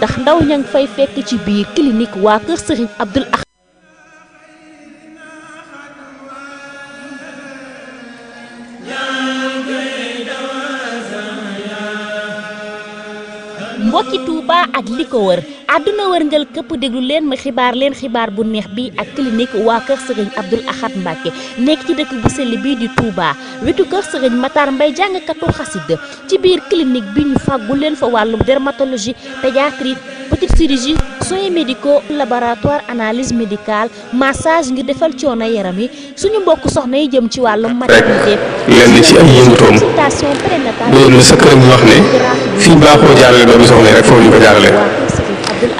ndax ndaw ña ngi fay fekk ci biir clinique waa Kër Serigne Abdoul Ahad mbokki Touba ak li ko wër àdduna wërngal këpp déglu leen ma xibaar leen xibaar bu neex bi ak clinique waa kër sëriñ Abdoul Ahad Mbacke nekk ci dëkk bu sell bii di Touba wetu kër sëriñ Matar Mbay jàngkatu xasida ci biir clinique bi ñu fàggu leen fa wàllum dermatologie pédiatrie petite chirurgie soins médicaux laboratoire analyse médicale massage ngir defal coono yaram yi suñu mbokk soxna yi jëm ci wàllum maternité. lenn ci ay yëngutoom doon na sa kër mu wax ne fii baaxoo jaarale foofu ko jaarale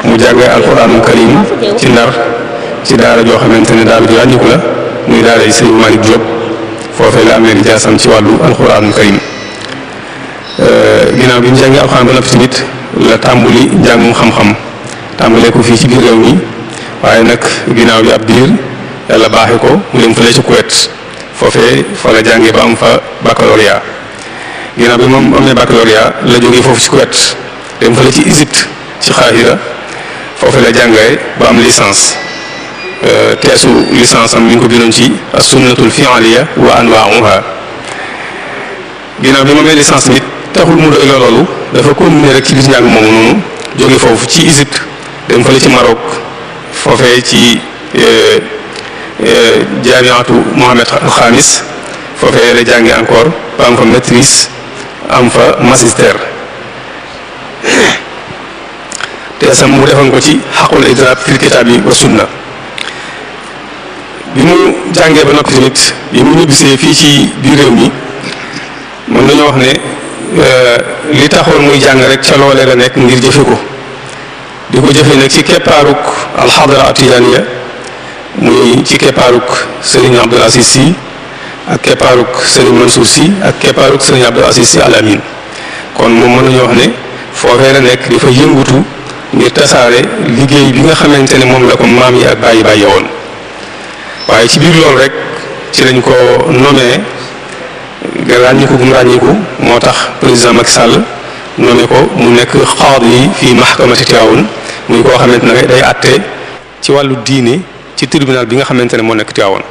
mu jàng ci ndar ci daara joo xamante ne daara ju la muy daara yi sëñ Malick Diop foofee la amee lijaasam ci wàllu alxuraanul karim euh, ginnaaw bi ñu jàngee alxuraan ba noppi tamit la tàmbuli njàngum xam-xam tàmbalee ko fii ci biir réew mi waaye nag ginnaaw bi ab diir yàlla baaxe ko mu dem fële ci Kuwait foofee fa la jàngee ba am fa baccalauréat ginnaaw bi moom amee baccalauréat la jógee foofu ci Kuwait dem fële ci Égypte ci Xaahira foofee la jàngee ba am licence euh, teesu licence am mi ngi ko bindoon ci as-sunnatul fi'liya wa bi mu amee licence nit taxul mu doy la loolu dafa continuer rek ci bis njàng moomu noonu jóge foofu ci Égypte dem fële ci Maroc foofee ci euh, euh, jaamiatu Mohamed xaamis foofee la jàngi encore ba am fa maîtrise am fa magistère te sam mu defoon ko ci xaqul idrab fil kitaab yi wa sunna bi mu jàngee ba noppi tamit bi mu ñibbisee fii ci biir réew mi mën nañoo wax ne Euh, li taxoon muy jàng rek ca loole la nekk ngir jëfe ko di ko jëfe nag ci keppaaruk alxadra atijaaniya muy ci keppaaruk sëriñ Abdul Aziz Sy ak keppaaruk sëriñ Mansour Sy ak kon moom mën nañu wax ne foofee la nekk di fa yëngutu ngir tasaare liggéey bi nga xamante ne moom la ko maam yi ak bàyyi bàyyi woon waaye ci biir loolu rek ci lañ ko nommé ràññiku bu mu ràññiku moo tax président Macky Sall nommé ko mu nekk xaadi yi fii mahkamati Tivaouane muy koo xamante ne day àtte ci wàllu diine ci tribunal bi nga xamante ne moo nekk Tivaouane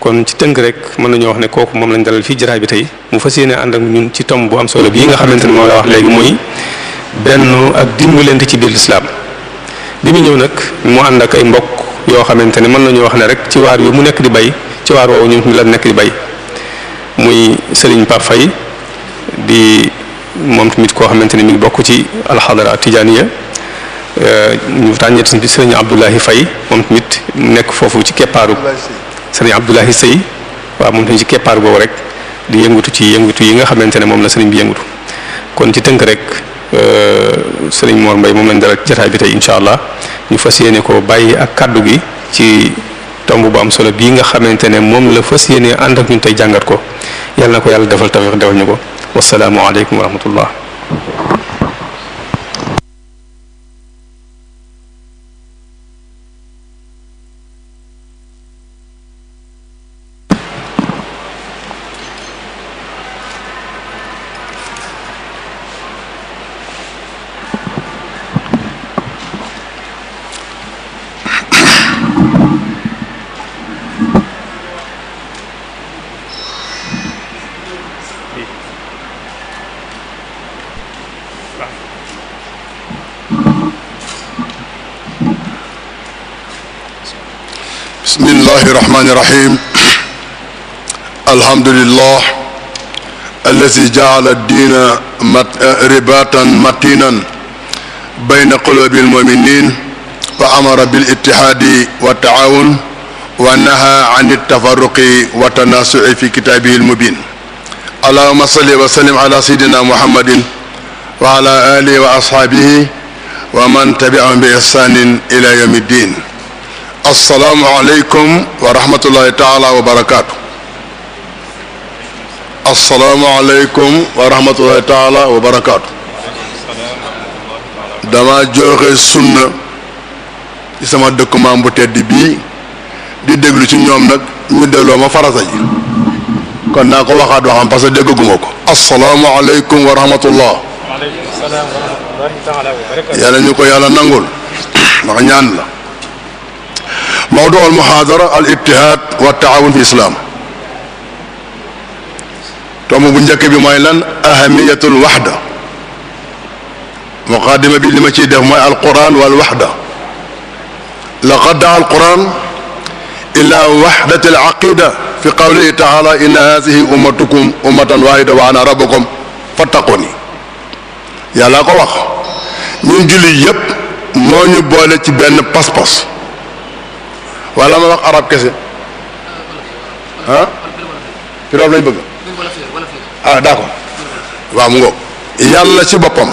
kon ci tënk rek mën nañoo wax ne kooku moom lañ dalal fii jaraay bi tey mu fas yéene ànd ak ñun ci tomb bu am solo bii nga xamante ne moo la wax léegi muy benn ak dimbalante ci biir lislaam bi mu ñëw nag mu ànd ak ay mbokk yoo xamante ne mën nañoo wax ne rek ci waar yu mu nekk di bay ci waar woowu ñun la nekk di bay muy Serigne Pape fay di moom tamit koo xamante ni mi bokk ci alxadara tijaaniya euh, ñu ràññeet ci Serigne Abdoulahi Faye moom tamit nekk foofu ci keppaaru Serigne Abdoulahi Sey waaw moom tamit ci keppaar boobu rek di yëngutu ci yëngutu yi nga xamante ne moom la Serigne bi yëngutu kon ci tënk rek euh, Serigne Mor mbay moom lañ dara jotaay bi tey incha allah ñu fas yéene ko bàyyi ak kàddu gi ci. tomb bu am solo bii nga xamante ne moom la fas yéene ànd ak ñun tey jàngat ko yàlla na ko yàlla defal tawfiq defal ñu ko wasalaamualeykum wa rahmatullah الرحيم الحمد لله الذي جعل الدين رباطا متينا بين قلوب المؤمنين وأمر بالاتحاد والتعاون ونهى عن التفرق والتنازع في كتابه المبين اللهم صل وسلم على سيدنا محمد وعلى آله وأصحابه ومن تبعهم بإحسان إلى يوم الدين asalaamualeykum wa rahmatullahi taala wa barakaatu asalaamualeykum wa rahmatullahi taala wa barakaatu dama joxe sunna ci sama dëkk maam bu tedd bii di déglu ci ñoom nag ñu dégloo ma farata ji kon naa ko waxaat waxam parce déggaguma ko asalaamualeykum wa rahmatullah yàlla ñu ko yàlla nangul ndax ñaan la mawdu al muhaadara al wa taawun fi islaam tomb bu njëkk bi mooy lan ahamiyatul waxda muqaddima bi li ma ciy def mooy alquran wal waxda laqad daa alquran ila waxdati alaqida fi qawlihi taala inna hadihi ummatukum ummatan wahida wa ana rabbukum fattaquni yàllaa ko wax ñun julli yépp moo ñu boole ci benn pas wala ma wax arab kese ah pirab bëgg ah d'accord waaw mu ngoog yàlla ci boppam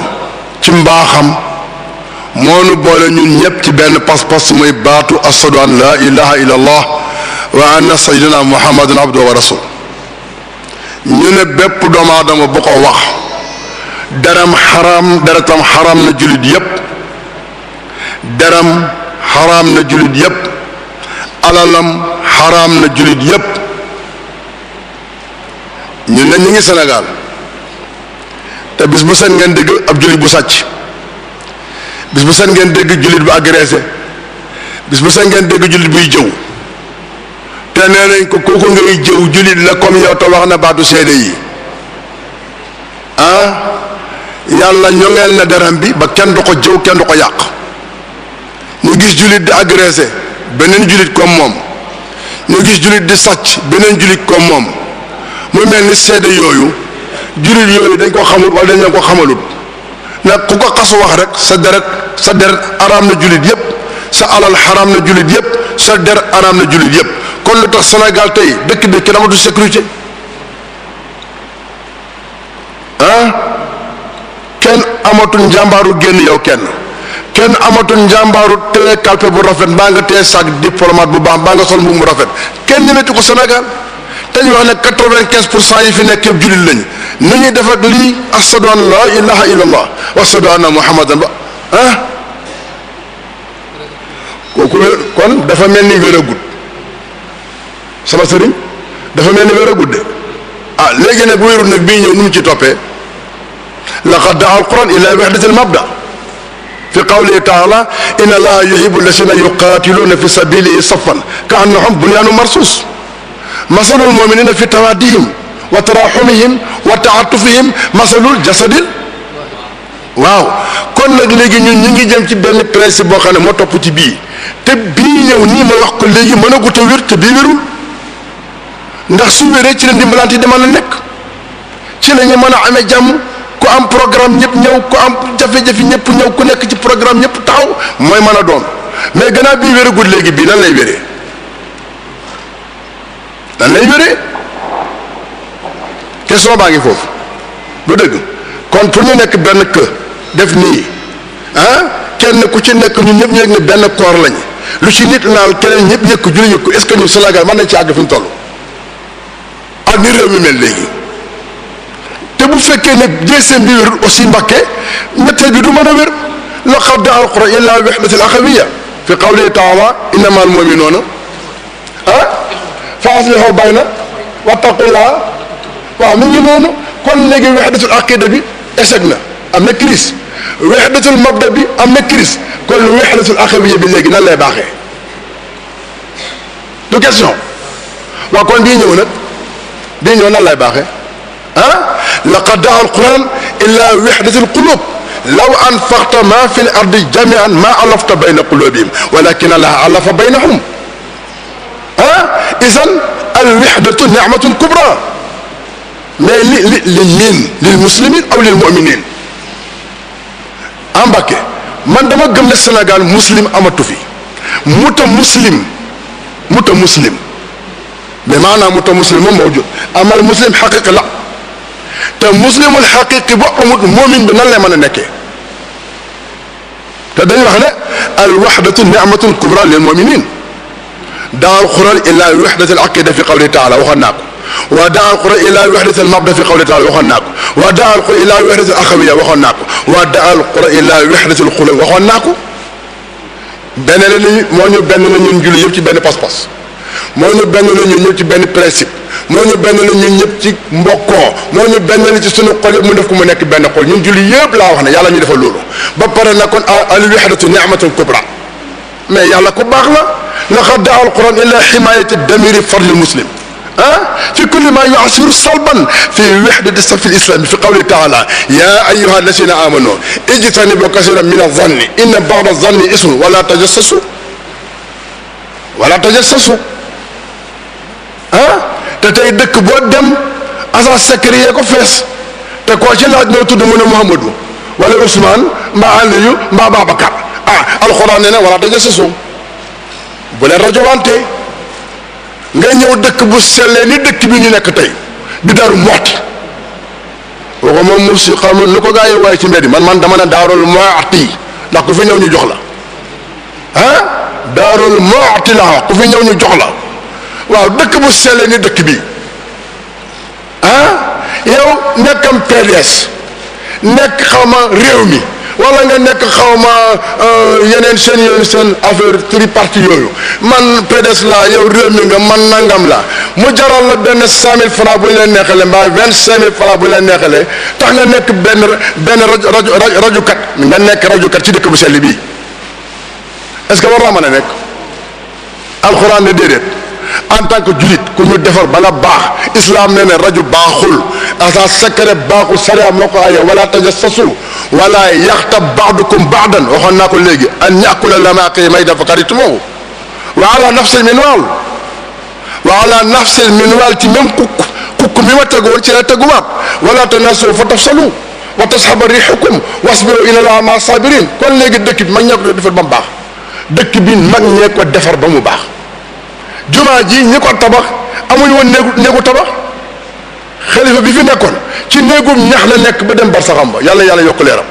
ci mbaaxam moo boole ñun ñëpp ci benn pas-pas muy baatu ashadu an laa ilaha illa allah wa anna sayyidina muhammadan abduhu wa rasul ñu ne bépp doomu aadama bu ko wax deram xaram deretam xaram na jullit yépp deram xaram na jullit yépp alalam xaraam na jullit yépp ñun nag ñu ngi senegal te bis mu seen ngeen dégg ab jullit bu sàcc bis mu seen ngeen dégg jullit bu agressé bis bu buy jëw te nee nañ ko kooku ngay jëw jullit la comme yow te wax na baatu seede yi ah yàlla ñoŋeel na deram bi ba kenn du ko jëw kenn du ko yàq ñu gis jullit di agressé beneen jullit comme moom ñu gis jullit di sàcc beneen jullit comme moom muy mel ni seede yooyu jullit yooyu dañ ko xamul wala dañ ko xamalut ndax ku ko xas wax rek sa deret sa deret araam na jullit yépp sa alal xaraam na jullit yépp sa der araam na jullit yépp kon lu tax Sénégal tey dëkk bi kenn amatu sécurité ah kenn amatu njàmbaaru génn yow kenn kenn amatul njàmbaaru tee kalpe bu rafet mbaa nga tee sac diplomate bu baax mbaa nga sol mbubb mu rafet kenn ñemetu ko senegal te ñu wax ne quatre-vingt-quinze pour cent yi fi nekk yëpp jullit lañu ni ñuy def ak lii ashadu an laa ilaha illa allah wa ashadu anna muhammadan ba ah kooku kon dafa mel ni wér a gudd sama sëriñ dafa mel ni wér a gudd de ah léegi nag wéeru nag bii ñëw nu mu ci toppee laqad daa al quran ila wahdatil mabda fi qawlihi taala inna allaha yuhibbu lasina yuqaatiluuna fi sabilihi safan ka annahum bunyaanu marsus masalul muminina fi tawaadihim wa taraxumihim wa taatufihim masalul jasadil waaw kon nag léegi ñu ñu ngi jëm ci benn principe boo xam ne moo topp ci bii te bii ñëw nii ma wax ko léegi mën a gut a wér te bii wérul ndax su wéree ci la ndimbalante yi dama la nekk ci la ñu mën a amee jàmm ku am programme ñëpp ñëw ku am jafe-jafe ñëpp ñëw ku nekk ci programme ñëpp taxaw mooy mën a doon mais gannaaw bii wéragul léegi bii nan lay wéree nan lay wéree question baa ngi foofu lu dëgg kon pour ñu nekk benn kë def nii ah kenn ku ci nekk ñun ñëpp ñu benn koor lañu lu ci nit naal keneen ñëpp yëg ko julli yëg ko est ce que ñun Sénégal nañ ci àgg fi mu toll ak ni réew mi mel léegi. te bu fekkee ne deuxième bi wérul aussi mbàkke ñetteel bi du mën a wér laqad daa alquran illa wahdatul axawiyya fi qawlihi taala innamal mu'minuuna ah fa aslihu bayna wattaqullaha waaw mi ngi noonu kon léegi wahdatul aqida bi échec na am na crise wahdatul mabda bi am na crise kon wahdatul axawiyya bi léegi nan lay baaxee du question waaw kon bii ñëw nag bii ñëw nan lay baaxee ah laqad daa alquran ila wixdati alqulub law anfaqta ma fi l ardi jamian ma alafta bayna qulubihim walakin allaha alafa baynahum ah idan alwixdatu nicmatun kubra mais li li lil miin lil muslimin aw lil muminin Mbacké man dama gëm ne Sénégal muslim amatu fi muta muslim muta muslim mais maanaam muta muslim moom mawjud amal muslim xaqiqa la te muslimul xaqiqi bu amut moomin bi nan lay mën a nekkee te dañuy wax ne al waxdatu nicmatun kubra lil muminin daa al quran ila waxdati al aqida fi qawli taala waxoon naa ko waa daa al quran ila waxdati al mabda fi qawli taala waxoon naa ko waa daa al quran ila waxdati al axawiya waxoon naa ko waa daa al quran ila waxdati al waxoon naa ko benn la moo ñu benn la ñun yëpp ci benn pas moo ñu benn la ñëpp ci benn principe moo ñu benn la ñun ñëpp ci mbokkoo moo ñu benn la ci sunu xol mu def ko mu nekk benn xol ñun julli yëpp laa wax ne yàlla ñu defal loolu ba pare na kon al wihdatu ni'matul kubra mais yàlla ku baax la laqad daa alquran ila himayati damiri fadli muslim ah fi kulli ma yuasiru salban fi wihdati safi lislami fi qawli taala ya ayuha alladina amanu ijtanibu kasiran min azanni inna bada zanni ismu wala tajassasu wala tajassasu ah te tey dëkk boo dem agence secret yee ko fees te koo ci laaj noo tudd mu ne Mouhamadou wala Ousmane mbaa Aliou mbaa Babacar ah alxuraan nee na wala daja sa soom bu leen rajowante nga ñëw dëkk bu sellee ni dëkk bi ñu nekk tey di Daaru Muxti waxu moom mu si xam lu ko gaa yi waaye ci mbedd man man dama ne Daarul Muxti ndax ku fi ñëw ñu jox la ah Daarul Muxti la ku fi ñëw ñu jox la waaw dëkk bu sell ni dëkk bi ah yow nekkam PDS nekk xaw ma réew mi wala nga nekk xaw ma euh, yeneen seen yooyu seen affaire tri parti yooyu man PDS la yow réew mi nga man nangam la mu jaral la benn cent mille francs bu leen neexalee mbaa benn cinq mille bu leen neexale tax nga nekk benn benn rajo rajo rajokat nga nekk rajokat ci dëkk bu sell bii est-ce que war naa mën a nekk alxuraan ne déedéet. en tant que julit ku ñu defar bala baax islam nee na raju baaxul asa secret baaxul sariya moo ko aye wala tajassasu wala yaxtab baadukum baadan waxoon naa ko léegi an yakula lamaqi may dafa karitumoo wa ala nafsil minwaal wa ala nafsil minwaal ci même kukk kukk bi ma tegoon ci la teguwaat wala tanasu fa tafsalu wa tasxaba rixukum wasbiru ilala ma sabirin kon léegi dëkk bi mag ñee ko defar ba mu baax dëkk bi mag ñee ko defar ba mu baax jumaa ji ñi ko tabax amuñu woon néegu néegu tabax xalifa bi fi nekkoon ci néegum ñax la nekk ba dem barsaxam ba yàlla yàlla yokk leeram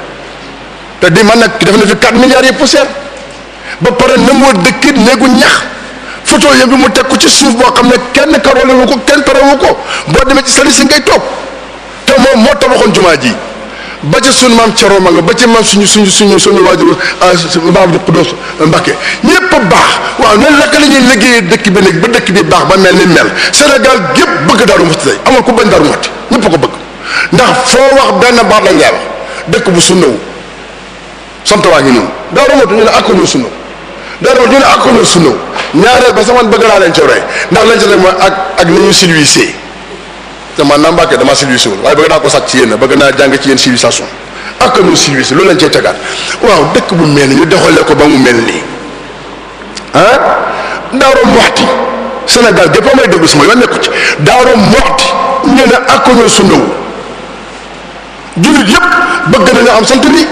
te di man nag def na fi 4 milliards yi poussière ba pare nangoo dëkkit néegu ñax photo yëpp bi mu teg ko ci suuf boo xam ne kenn karolewu ko kenn tarawu ko boo demee ci sali si ngay toog te moom moo tabaxoon jumaa ji ba ca sunu maam Cerno Manga ba ca maam suñu suñu suñu suñu waajur ah, Baabul Xuddoos eh, Mbakke ñëpp baax waaw nan naka la ñuy liggéeyee dëkk bi nag ba dëkk bi baax ba mel ni mel Sénégal gépp bëgg Daaru Muxti tey amul ku bañ Daaru Muxti ñëpp ko bëgg ndax foo wax benn baat la ngay dëkk bu sunnawu sant waa ngi ñëw Daaru Muxti ñu ne ak ñu sunnawu Daaru Muxti ñu ne ak ñu ñaareel ba saman bëgg naa leen ci rey ndax lañ ci rek mooy ak ak ni ñu silvisee te man naa Mbàkke damaa civilisé wul waaye bëgg naa ko sàcc ci yéen bëgg naa jàng ci yéen civilisation ak nu civilisé loolu lañ cey tegaat waaw dëkk bu mel ni ñu doxalee ko ba mu mel nii ah Daaru Muxti Sénégal gépp amay déglu sama yoon nekku ci Daaru Muxti ñu ne ak nu sunnawu jullit yépp bëgg nañu am sant bi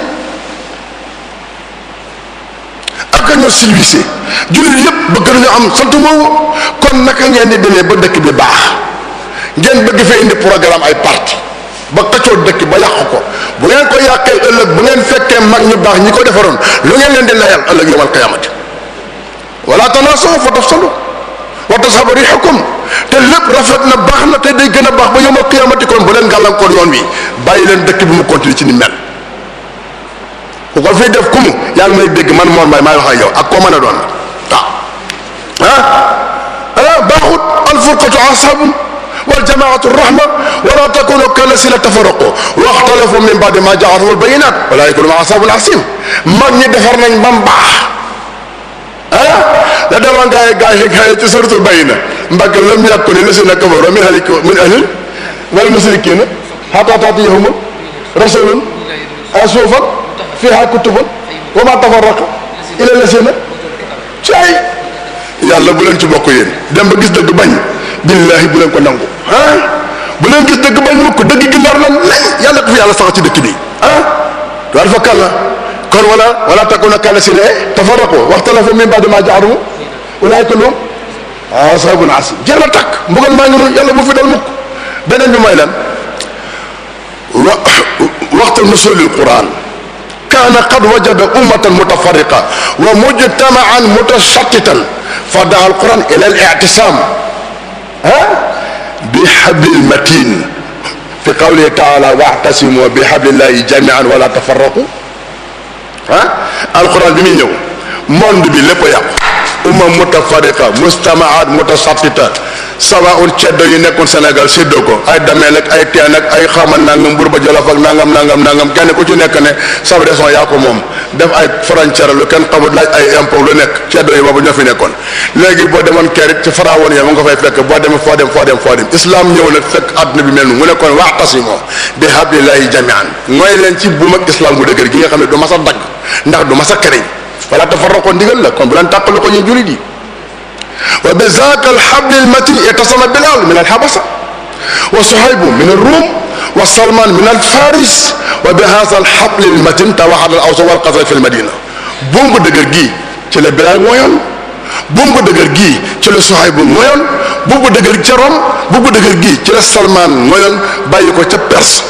ak nu civilisé jullit yépp bëgg nañu am sant moomu kon naka ngeen di demee ba dëkk bi baax ngeen bëgg fee indi programme ay parti ba xëccoo dëkk ba yàq ko bu ngeen ko yàqee ëllëg bu ngeen fekkee mag ñu baax ñi ko defaroon lu ngeen leen di layal ëllëg yowal qiyaamati wala tanaasaw fa tafsalu wa tazhaba riihukum te lépp rafet na baax na te day gën a baax ba yowal qiyaamati kon bu leen gàllankoor yoon wi bàyyi leen dëkk bi mu continuer ci ni mel ku ko fii def kumu yaa ngi dégg man Mor Mbaye maay wax ak yow ak koo mën a doon waaw ah ba ah, baaxut alfurqatu asabun والجماعة الرحمة ولا تكونوا كالذين تفرقوا واختلفوا من بعد ما جاءتهم البينات أولئك هم أصحاب الجحيم mag ñi defar nañ ba mu baax ah da demoon gars yi gars yi gars yi ci suratul bayna mbagg lam yakun lazina kafaru min ahli min ahli wal musrikina hatta ta'tiyahum rasulun asufan fiha kutubun wa ma tafarraqa illa lazina ci ay yàlla bu leen ci bokk yéen dem ba gis dëgg bañ billaahi bu leen ko nangu ah bu leen gis dëgg bañ mukk dëgg gi leer na lay yàlla dafa yàlla sax ci dëkk bi ah daal fa kàlla kon wala wala takuna kàlla si ne tafarraqu waxtalafu min ba'di ma ja'aru ulaa'ika hum ashabun asim jël a takk mbugal maa ngi doon yàlla bu fi dal mukk beneen bi mooy lan wa waxtu nusulil quran kaana qad wajada ummatan mutafarriqa wa mujtama'an mutashattitan fa da'a al quran ila al i'tisam bi hablil matin fi qawlihi taala wa'tasimu bi hablillahi jamian wala tafarraqu ah alquran bi muy ñëw monde bi lépp a yàqu umam mutafariqa mustamaat mutasatita sawaun ceddo yi nekkoon Sénégal séddoo ko ay dameel ak ay teen ak ay xama nangam burba jolof ak nangam nangam nangam kenn ku ci nekk ne sa raison yaa ko moom def ay frontière lu kenn xamul laaj ay impôt lu nekk ceddo yi boobu ñoo fi nekkoon léegi boo demoon kerit ci farawoon ya ma nga fay fekk boo demee foo dem foo dem foo dem islam ñëw nag fekk àdduna bi mel mu nekkoon wa'tasimu bi hablillahi jami'an mooy leen ci gi nga xam ne du mas a ndax du mas a këriñ wala tafarraqoo ndigal la kon bu leen tàqalu ko ñun jullit yi wa bizaaka alxabli almatin yatasama bilaal min alxabasa wa sohaybu min alrum wa salman min alfaris wa bihaasa alxabli almatin tawaxal al awsa wal qasra fi almadina buum bu dëgër gii ci la bilaal mooyoon buum bu dëgër gii ci la sohaybu mooyoon buum bu dëgër ca Rom buum bu dëgër gii ci la salman mooyoon bàyyi ko ca Perse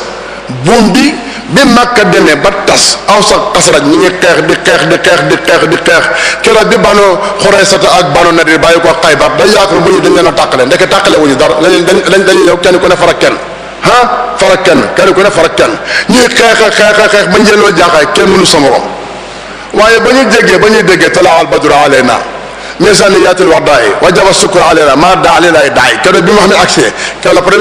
buum bi bi Makka demee ba tas Aws ak Xasraj ñi ngi xeex di xeex di xeex di xeex di xeex keroog bi Banu Xuraysata ak Banu Nadir bàyyi ko Xaybar day yaakaar bu ñu dañ leen a tàqale ndeke tàqale wuñu dara dañ dañ dañ ñëw kenn ku ne farak kenn ah farak kenn kenn ku ne farak kenn ñuy xeex a ba njëloo jaaxaay kenn mënu sa waaye ba ñuy déggee ba ñuy déggee talaa al badru alayna misaniyaatil wadaay wajaba sukur alayna maa daa alayna ay daay keroog bi mu xam ne accès la pare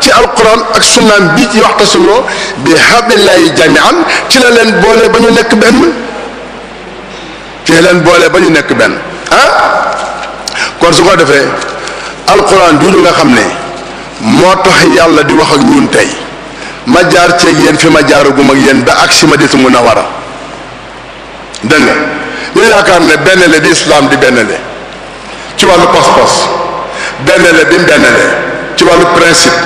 ci al alquran ak sunnaam bi ci waxtasimoo bi hablillahi jamian ci la leen boole ba ñu nekk benn ci leen boole ba ñu nekk benn ah kon su ko defee alquran jooju nga xam ne moo tax yàlla di wax ak ñun tey ma jaar ceeg yéen fi ma jaaragum ak yéen ba ak si ma des mun a war a dégg nga ñu yaakaar ne benn la di islam di benn la ci wàllu pas-pas benn la bi mu benn la ci wàllu principe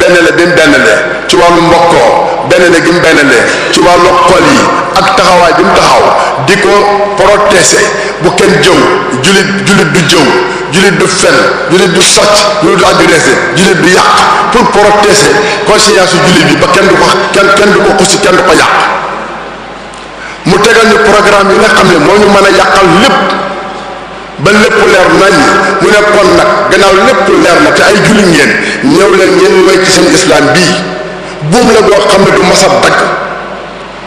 benn la bi mu benn la ci wàllu mbokkoo benn la gi mu benn la ci wàllu xol yi ak taxawaay bi mu taxaw di ko protéger bu kenn jëw jullit jullit du jëw jullit du fen jullit du socc jullit du agressé jullit du yàq pour protéger conscience jullit bi ba kenn du ko kenn kenn du ko xusi kenn ko yàq mu tegal ñu programme yi nga xam ne moo ñu mën a yàqal lépp ba lépp leer nañ mu ne kon nag gannaaw lépp leer na te ay jullit ngeen ñëw leen ngeen way ci seen islam bii buum la boo xam ne du masa dagg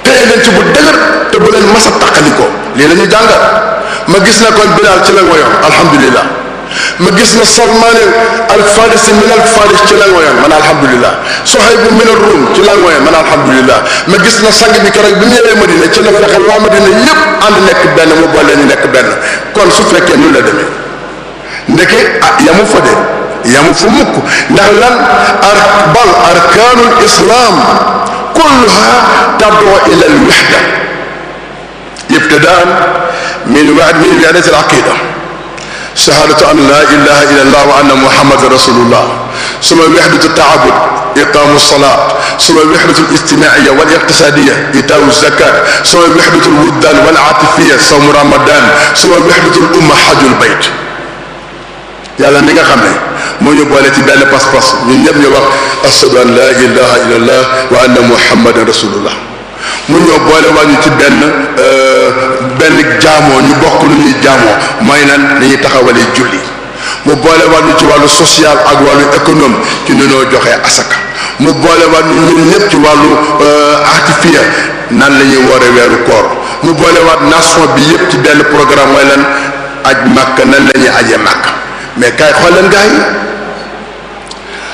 téye leen ci bu dëgër te bu leen masa taqaliko lii la ñu jàngal ma gis na kon bilaal ci la woyoon alhamdulilah ma gis na salmaane alfarisi min alfaris ci langoyan man alhamdulilah sohaybu min arum ci langoyan man alhamdulilah ma gis na sang bi keroog bi mu ñëwee madina ci la fexe nekk benn mu boole ñu nekk benn kon su fekkee ñu la demee ndeke ah yamu fa de yamu fa mukk ndax lan ar bal arkaanul islam kulluha tad'u ila alwahda ibtidaan min wa'd min wi'dati alaqida shahadatu an la ilaha illallah wa anna muhammadan rasulullah suma wihdatu taabud iqamu salaa suma wihdatu ijtimaiya wal iqtisadiya itaawu zakat suma wihdatu wujdan wal atifiya sawmu ramadan suma wihdatu umma hajjul bayt yàlla mi nga xam ne moo ñu boole ci benn pas-pas ñun ñëpp ñu wax ashadu an la ilaha illallah wa anna muhammadan rasulullah mu ñëw boole wàññi ci benn euh, benn jaamoo ñu bokk lu ñuy jaamoo mooy lan li ñuy taxawalee julli mu boole wàññi ci wàllu social ak wàllu économe ci ni ñoo joxee asaka mu boole ñëpp ci wàllu euh, artifice nan la ñuy woore weeru koor mu boole waat nation bi yëpp ci benn programme mooy lan aj màkk nan la ñuy aje màkk mais kaay xool leen gars yi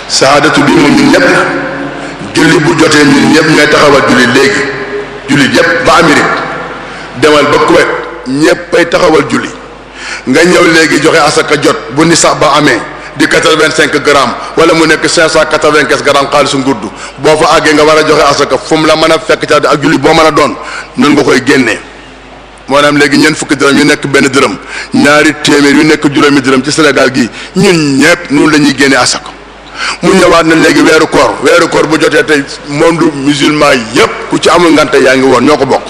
saadatu bi moom ñun ñëpp julli bu jotee ñun ñëpp ñooy taxawal julli léegi jullit yépp ba Amérique demal ba Kuwait ñéppay taxawal julli nga ñëw léegi joxe asaka jot bu ni sax ba amee di quatre-vingt-cinq grammes wala mu nekk cinq cent quatre-vingt-quinze grammes xaalisu nguddu boo fa àggee nga war a joxe asaka fu mu la mën a fekk ca ak julli boo mën a doon noonu nga koy génnee maanaam léegi ñeent fukki dërëm yu nekk benn dërëm ñaari téeméer yu nekk juróomi dërëm ci Sénégal gi ñun ñépp noonu la ñuy génnee asaka mu ñëwaat na léegi weeru koor weeru koor bu jotee tey monde musulman yëpp ku ci amul ngante yaa ngi woon ñoo ko bokk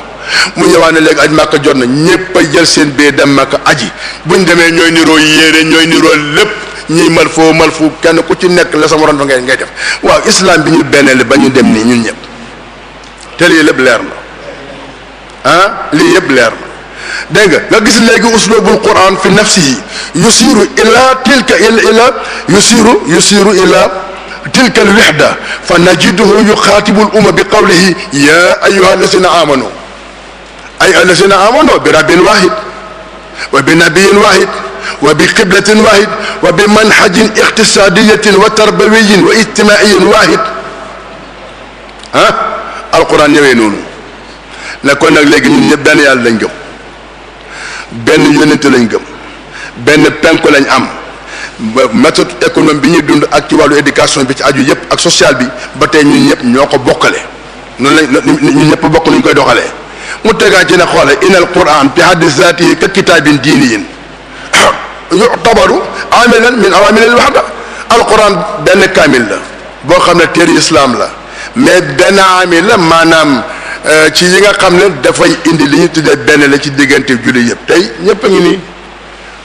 mu ñëwaat na léegi aj màkka jot na ñëpp a jël seen bee dem màkka aji ñu demee ñooy niroo yéere ñooy niroo lépp ñiy mal foo mal fu kenn ku ci nekk la sama ron ngay ngay def waaw islam bi ñu benn ba ñu dem nii ñun ñëpp te lii lépp leer na ah lii yëpp leer na dégg nga nga gis léegi uslubul quran fi nafsihi yusiru ila tilka ila yusiru yusiru ila tilka alwixda fa najiduhu yuxaatibu al umma bi qawlihi ya ayuha alladina amanu ay alladina amanu bi rabbin wahid wa bi nabiyin wahid wa bi qiblatin wahid wa bi manhajin iqtisadiyatin wa tarbawiyin wa ijtimaiyin wahid ah alquran ñëwee noonu ne kon nag léegi ñun ñëpp benn yàlla lañ jox benn yonent lañ gëm benn penk lañ am méthode économique bi ñuy dund ak ci wàllu éducation bi ci aju yëpp ak social bi ba tey ñun ñëpp ñoo ko bokkale noonu lañ ñun ñëpp bokk nañ koy doxale mu tegaa ci ne xoole inal quran bi haddi zaatihi ka kitaabin diiniyin yu'tabaru amilan min awamilil wahda alquran benn kaamil la boo xam ne téere islam la mais benn amil la maanaam Euh, ci yi nga xam ne dafay indi li ñu tuddee benn la ci diggante julli yëpp tey ñëpp a ngi nii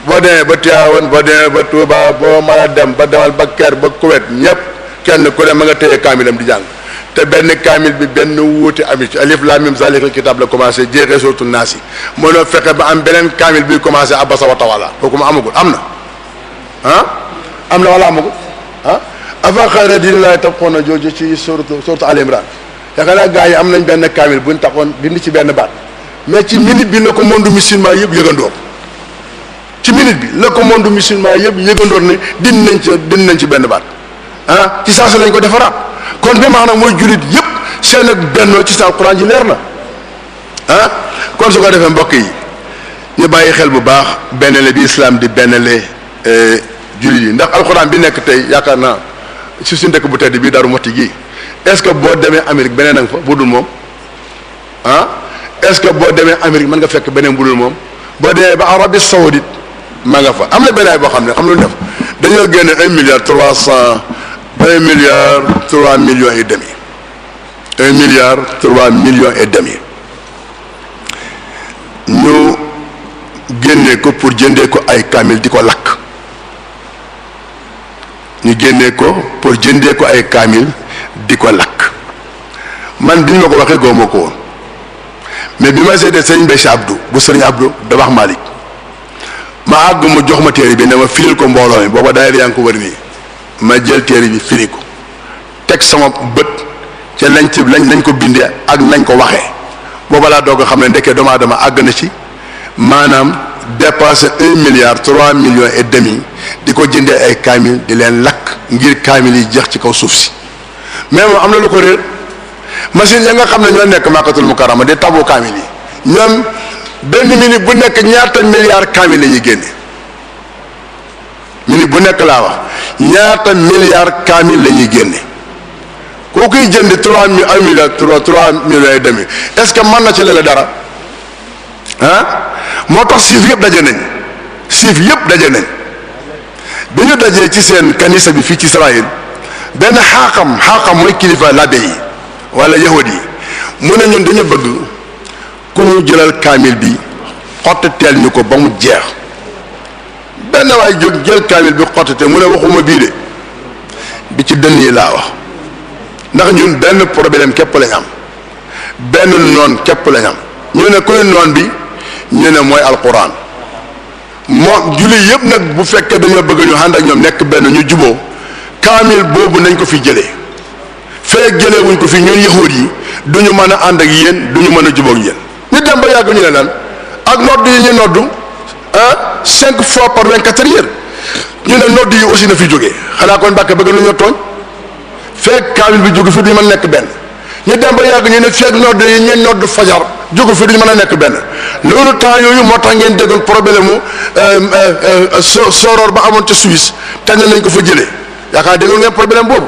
boo demee ba Tiwaawan boo dee ba Touba boo mën dem ba demal ba Ker ba Kuwait ñëpp kenn ku ne ma nga téye kaamilam di jàng te benn kaamil bi benn wuute am ci alif laam mim zaalikal kitaab la commencé jeexee suratul naas yi mënoo fexe ba am beneen kaamil bi commencé abasa wa tawala kooku ma amagul am na ah am na wala amagul ah afa xayra diinillaahi tabxuuna jooju ci suratu suratu Al yaakaar naa gars yi am nañ benn kaamil ñu taxoon bind ci benn baat mais ci minute bi la ko monde musulman yëpp yëgandoor ci minute bi la ko monde musulman yëpp yëgandoor ne din nañ ci din nañ ci benn baat ah ci saasa lañ ko defaraat kon bi maanaam mooy jullit yëpp seen ak bennoo ci sa alquran ji leer na ah kon su ko defee mbokk yi ñu bàyyi xel bu baax bennale bi islaam di benn bennale eh, jullit yi ndax alquran bi nekk tey yaakaar naa ci suñu dëkk bu bii Daaru Muxti gii est-ce que boo demee Amérique beneen a nga fa bu dul moom ah est-ce que boo demee Amérique mën nga fekk beneen bu dul moom boo demee ba Arabie Saoudite ma nga fa am na beneen boo xam ne xam lu def dañoo génne un milliard trois cent un milliard trois millions et demi un milliard trois millions et demi ñu génnee ko pour jëndee ko ay kaamil di ko lakk ñu génnee ko pour jëndee ko ay kaamil di ko lakk man bi ñu ma ko waxee goo ma ko woon mais bi ma seetee sëñ Bécha Abdou bu sëñ Abdou da wax ma àgg mu jox ma téere bi ne ma firil ko mbooloo mi booba daay yaa ko wër nii ma jël téere bi firi ko teg sama bët ca lañ ci lañ lañ ko bindee ak nañ ko waxee booba laa doo a xam ne ndekkee doomu aadama àgg na ci maanaam dépassé un milliard trois millions et demi di ko jëndee ay kaamil di leen lakk ngir kaamil yi jeex ci kaw suuf si. mais moom am na lu ko réer machine ya nga xam ne ñoo nekk màkkatul mukarama di tabu kaamil yi ñoom benn minute bu nekk ñaata milliard kaamil lañuy ñuy génne minute bu nekk laa wax ñaata milliard kaamil la ñuy génne koo koy jënd trois mille un million trois trois millions et demi est-ce que man na ci lele dara ah moo tax chiffres yëpp daje nañ chiffres yëpp daje nañ bi dajee ci seen kanisa bi fii ci Israël benn xaaxam xaaxam mooy kilifa labe yi wala yahud yi mu ne ñun dañu bëgg ku ñu jëlal kaamil bi xottateel ñu ko ba mu jeex benn waay jóg jël kaamil bi xottateel mu ne waxuma bii de bi ci dënn yi laa wax ndax ñun benn problème képp lañ am benn noon képp lañ am ñu ne kuy noon bi ñu ne mooy alquran moo julli yëpp nag bu fekkee dañoo bëgg ñu ànd ak ñoom nekk benn ñu juboo kaamil boobu nañ ko fi jëlee feeg jëlee wuñ ko fi ñun yahuud yi duñu mën a ànd ak yéen duñu mën a jubóog yéen ñu dem ba yàgg ñu ne lan ak nodd yi ñu noddu ah cinq fois par vingt quatre heures ñu nodd yi aussi na fi jógee xanaa kon mbàkke bëgg lu ñoo tooñ feeg kaamil bi jóge fi duñu mën a nekk benn ñu dem ba yàgg ñu ne feeg nodd yi ñu nodd fajar jóge fi duñu mën a nekk benn loolu temps yooyu moo tax ngeen déggoon problème mu euh, euh, euh, soror ba amoon ca Suisse tànn nañ ko fa jëlee. yaakaar déglu ngeen problème boobu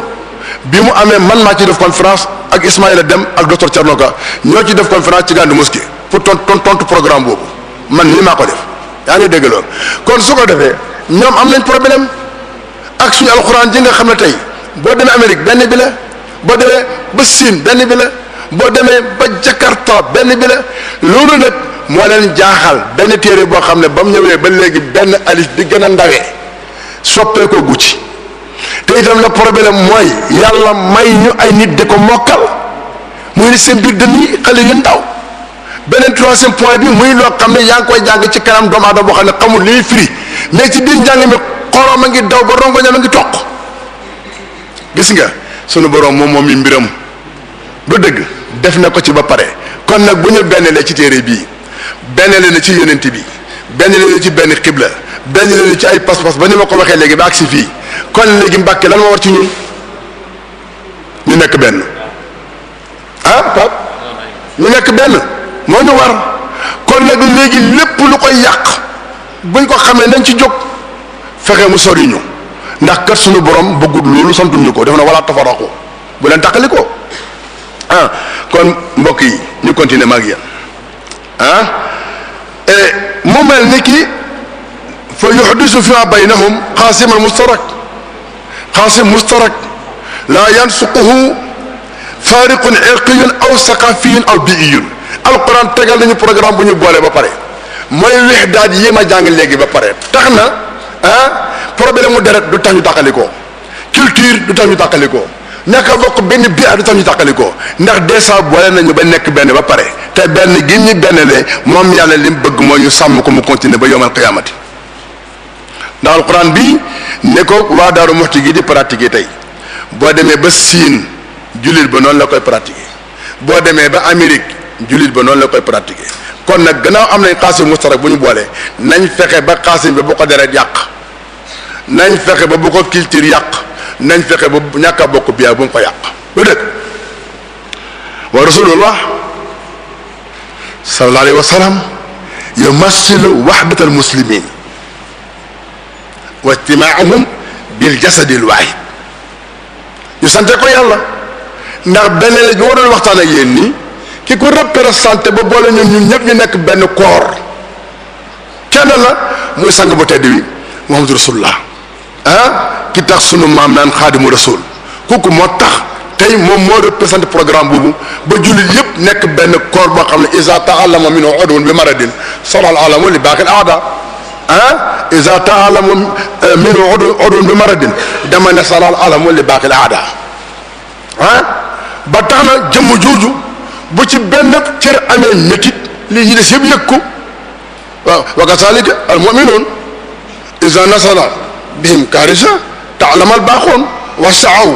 bi mu amee man maa ci def conférence ak Ismaïla Dem ak docteur Thierno Ka ñoo ci def conférence ci Gàndu mosquée pour tontu tontu programme boobu man ni maa ko def yaa ngi dégg loolu kon su ko defee ñoom am nañ problème ak suñu alxuraan ji nga xam ne tey boo demee Amérique benn bi la boo demee ba Siin benn bi la boo demee ba Jakarta benn bi la loolu nag moo leen jaaxal benn téere boo xam ne ba mu ñëwee ba léegi benn alif bi gën a ndawee soppeekoo gu ci. te itam la problème mooy yàlla may ñu ay nit di ko mokkal muy ni seen biir dënn yi xale yu ndaw beneen troisième point bi muy loo xam ne yaa ngi koy jàng ci kanam doomu aadama boo xam ne xamul li firi mais ci biir njàng mi xoroom a ngi daw ba rongoñam a ngi toq gis nga sunu borom moom moom mi mbiram du dëgg def na ko ci ba pare kon nag bu ñu benn lee ci téere bii benn lee na ci yonent bi benn lee na ci benn xibla dajale ci ay pas-pas ba ni ma ko waxee léegi ba agsi fii kon léegi mbàkke lan ma war ci ñun ñu nekk benn ah pap ñu nekk benn moo ñu war kon nag léegi lépp lu koy yàq buñ ko xamee nañ ci jóg fexe mu soriñu ndax kat suñu borom bëggut loolu santu ñu ko def na wala tafaraqu bu leen tàqali ko ah kon mbokk yi ñu continuer maag yéen ah mu mel ni ki fa yuxdisu fima baynahum qaasiman mustarak qaasim mustarak laa yansuquhu faariqun irqiyun aw saqafiyun aw biiyun alquran tegal nañu programme bu ñu boolee ba pare mooy wex daaj yi ma jàng léegi ba pare tax na ah problème mu deret du tax ñu tàqalikoo culture du tax ñu tàqalikoo ñàkk a bokk benn bi du tax ñu tàqalikoo ndax dèjà boole nañu ba nekk benn ba pare te benn gi ñu benn le moom yàlla li mu bëgg mooy ñu sàmm ko mu continuer ba yomal qiyaamati ndax alquran bi ne ko waa daaru moxti gi di pratiquer tey boo demee ba siin jullit ba noonu la koy pratiquer boo demee ba Amérique jullit ba noonu la koy pratiquer kon nag gannaaw am nañ xaasim mustarak bu ñu boolee nañ fexe ba xaasim ba bu ko deret yàq nañ fexe ba bu ko culture yàq nañ fexe ba ñàkk a bokk biyaa bu mu ko yàq ba dëkk wa rasulullah sallallahu alayhi wa sallam yumassilu wahdatal muslimin wa ijtimaahum bil jasadil waahid ñu sante ko yàlla ndax benn la ñu waroon waxtaan ak yéen nii ki ko représenté ba boole ñun ñun ñëpp ñu nekk benn koor kenn la muy sang bu tedd wi Muhammadu Rasulullah ah ki tax sunu maam naan xaadimu rasul kooku moo tax tey moom moo représenté programme boobu ba jullit yëpp nekk benn koor boo xam ne isa taallama minhu udwun bi maradin soral alamu li baaqil aada ah isa taalamu eh, min odun bi maradin dama ne salal alamu li baaqil aada ah ba tax na jëmm jooju bu ci benn cër amee métit lii ñi des yëpp yëg ko waaw wa kazalika al muminuun isa nasala bihim kaarisa taalamal baaxoon wa saaw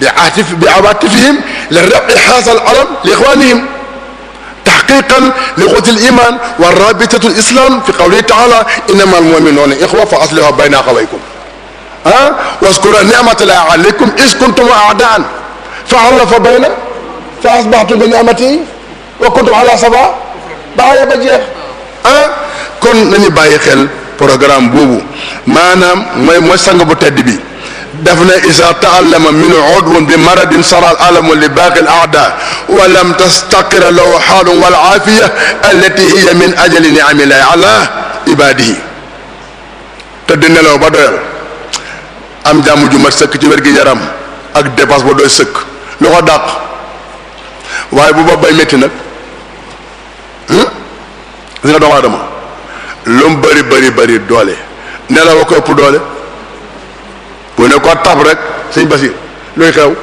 bi aatif bi awaatifihim li rabi haasal alam li ixwaanihim تحقيقا لغة الإيمان والرابطة الإسلام في قوله تعالى إنما المؤمنون إخوة فأصلحوا بين أخويكم ها واذكروا نعمة الله عليكم إذ كنتم أعداء فألف بين فأصبحتم بنعمته وكنتم على صفا baaye ba jeex ah kon nañu bàyyi xel programme boobu maanaam mooy mooy sang bu tedd bi daf ne isa taallama min udwun bi maradin sara al li baaqi al aada wa lam tastaqira lahu xaalun wal aafiya allati hiya min ajali niami lay ala ibaadihi te nelaw ba doyal am jàmm ju sëkk ci wér-gi yaram ak dépense ba doy sëkk lu ko dàq waaye bu bopp bay métti nag si hmm? nga doomu aadama lu mu bëri bëri nelaw a ko ëpp doole bu ne ko tab rek sëñ Basir luy xew